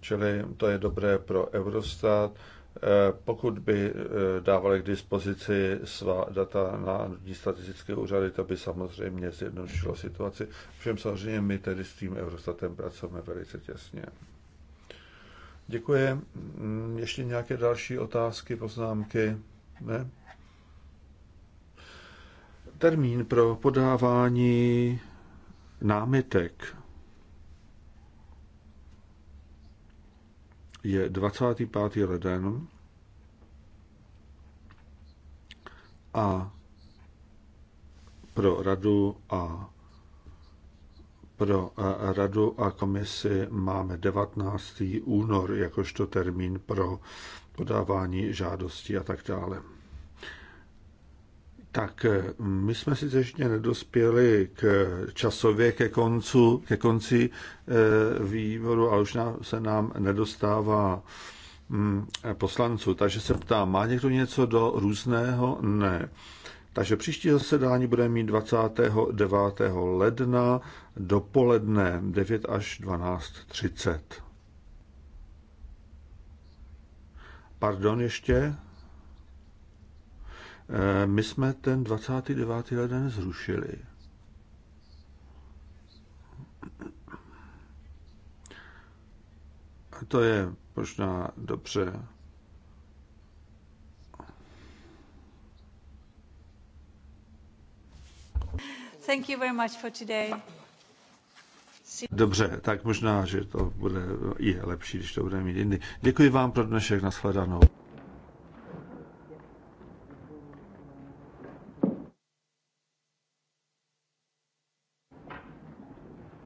Čili to je dobré pro Eurostat, Eh, pokud by eh, dávali k dispozici svá data na statistické úřady, to by samozřejmě zjednodušilo situaci. Všem samozřejmě my tedy s tím Eurostatem pracujeme velice těsně. Děkuji. Mm, ještě nějaké další otázky, poznámky? Ne? Termín pro podávání námitek je 25. leden a pro radu a pro eh, radu a komisi máme 19. únor jakožto termín pro podávání žádostí a tak dále. Tak eh, my jsme si ještě nedospěli k časově ke, koncu, ke konci eh, výboru, ale už se nám nedostává mm, poslanců. Takže se ptám, má někdo něco do různého? Ne. Takže příští zasedání bude mít 29. ledna dopoledne 9 až 12.30. Pardon ještě? Eh, my jsme ten 29. leden zrušili. A to je možná dobře. Thank you very much for today. Dobře, tak možná, že to bude i lepší, když to bude mít jindy. Děkuji vám pro dnešek, nashledanou.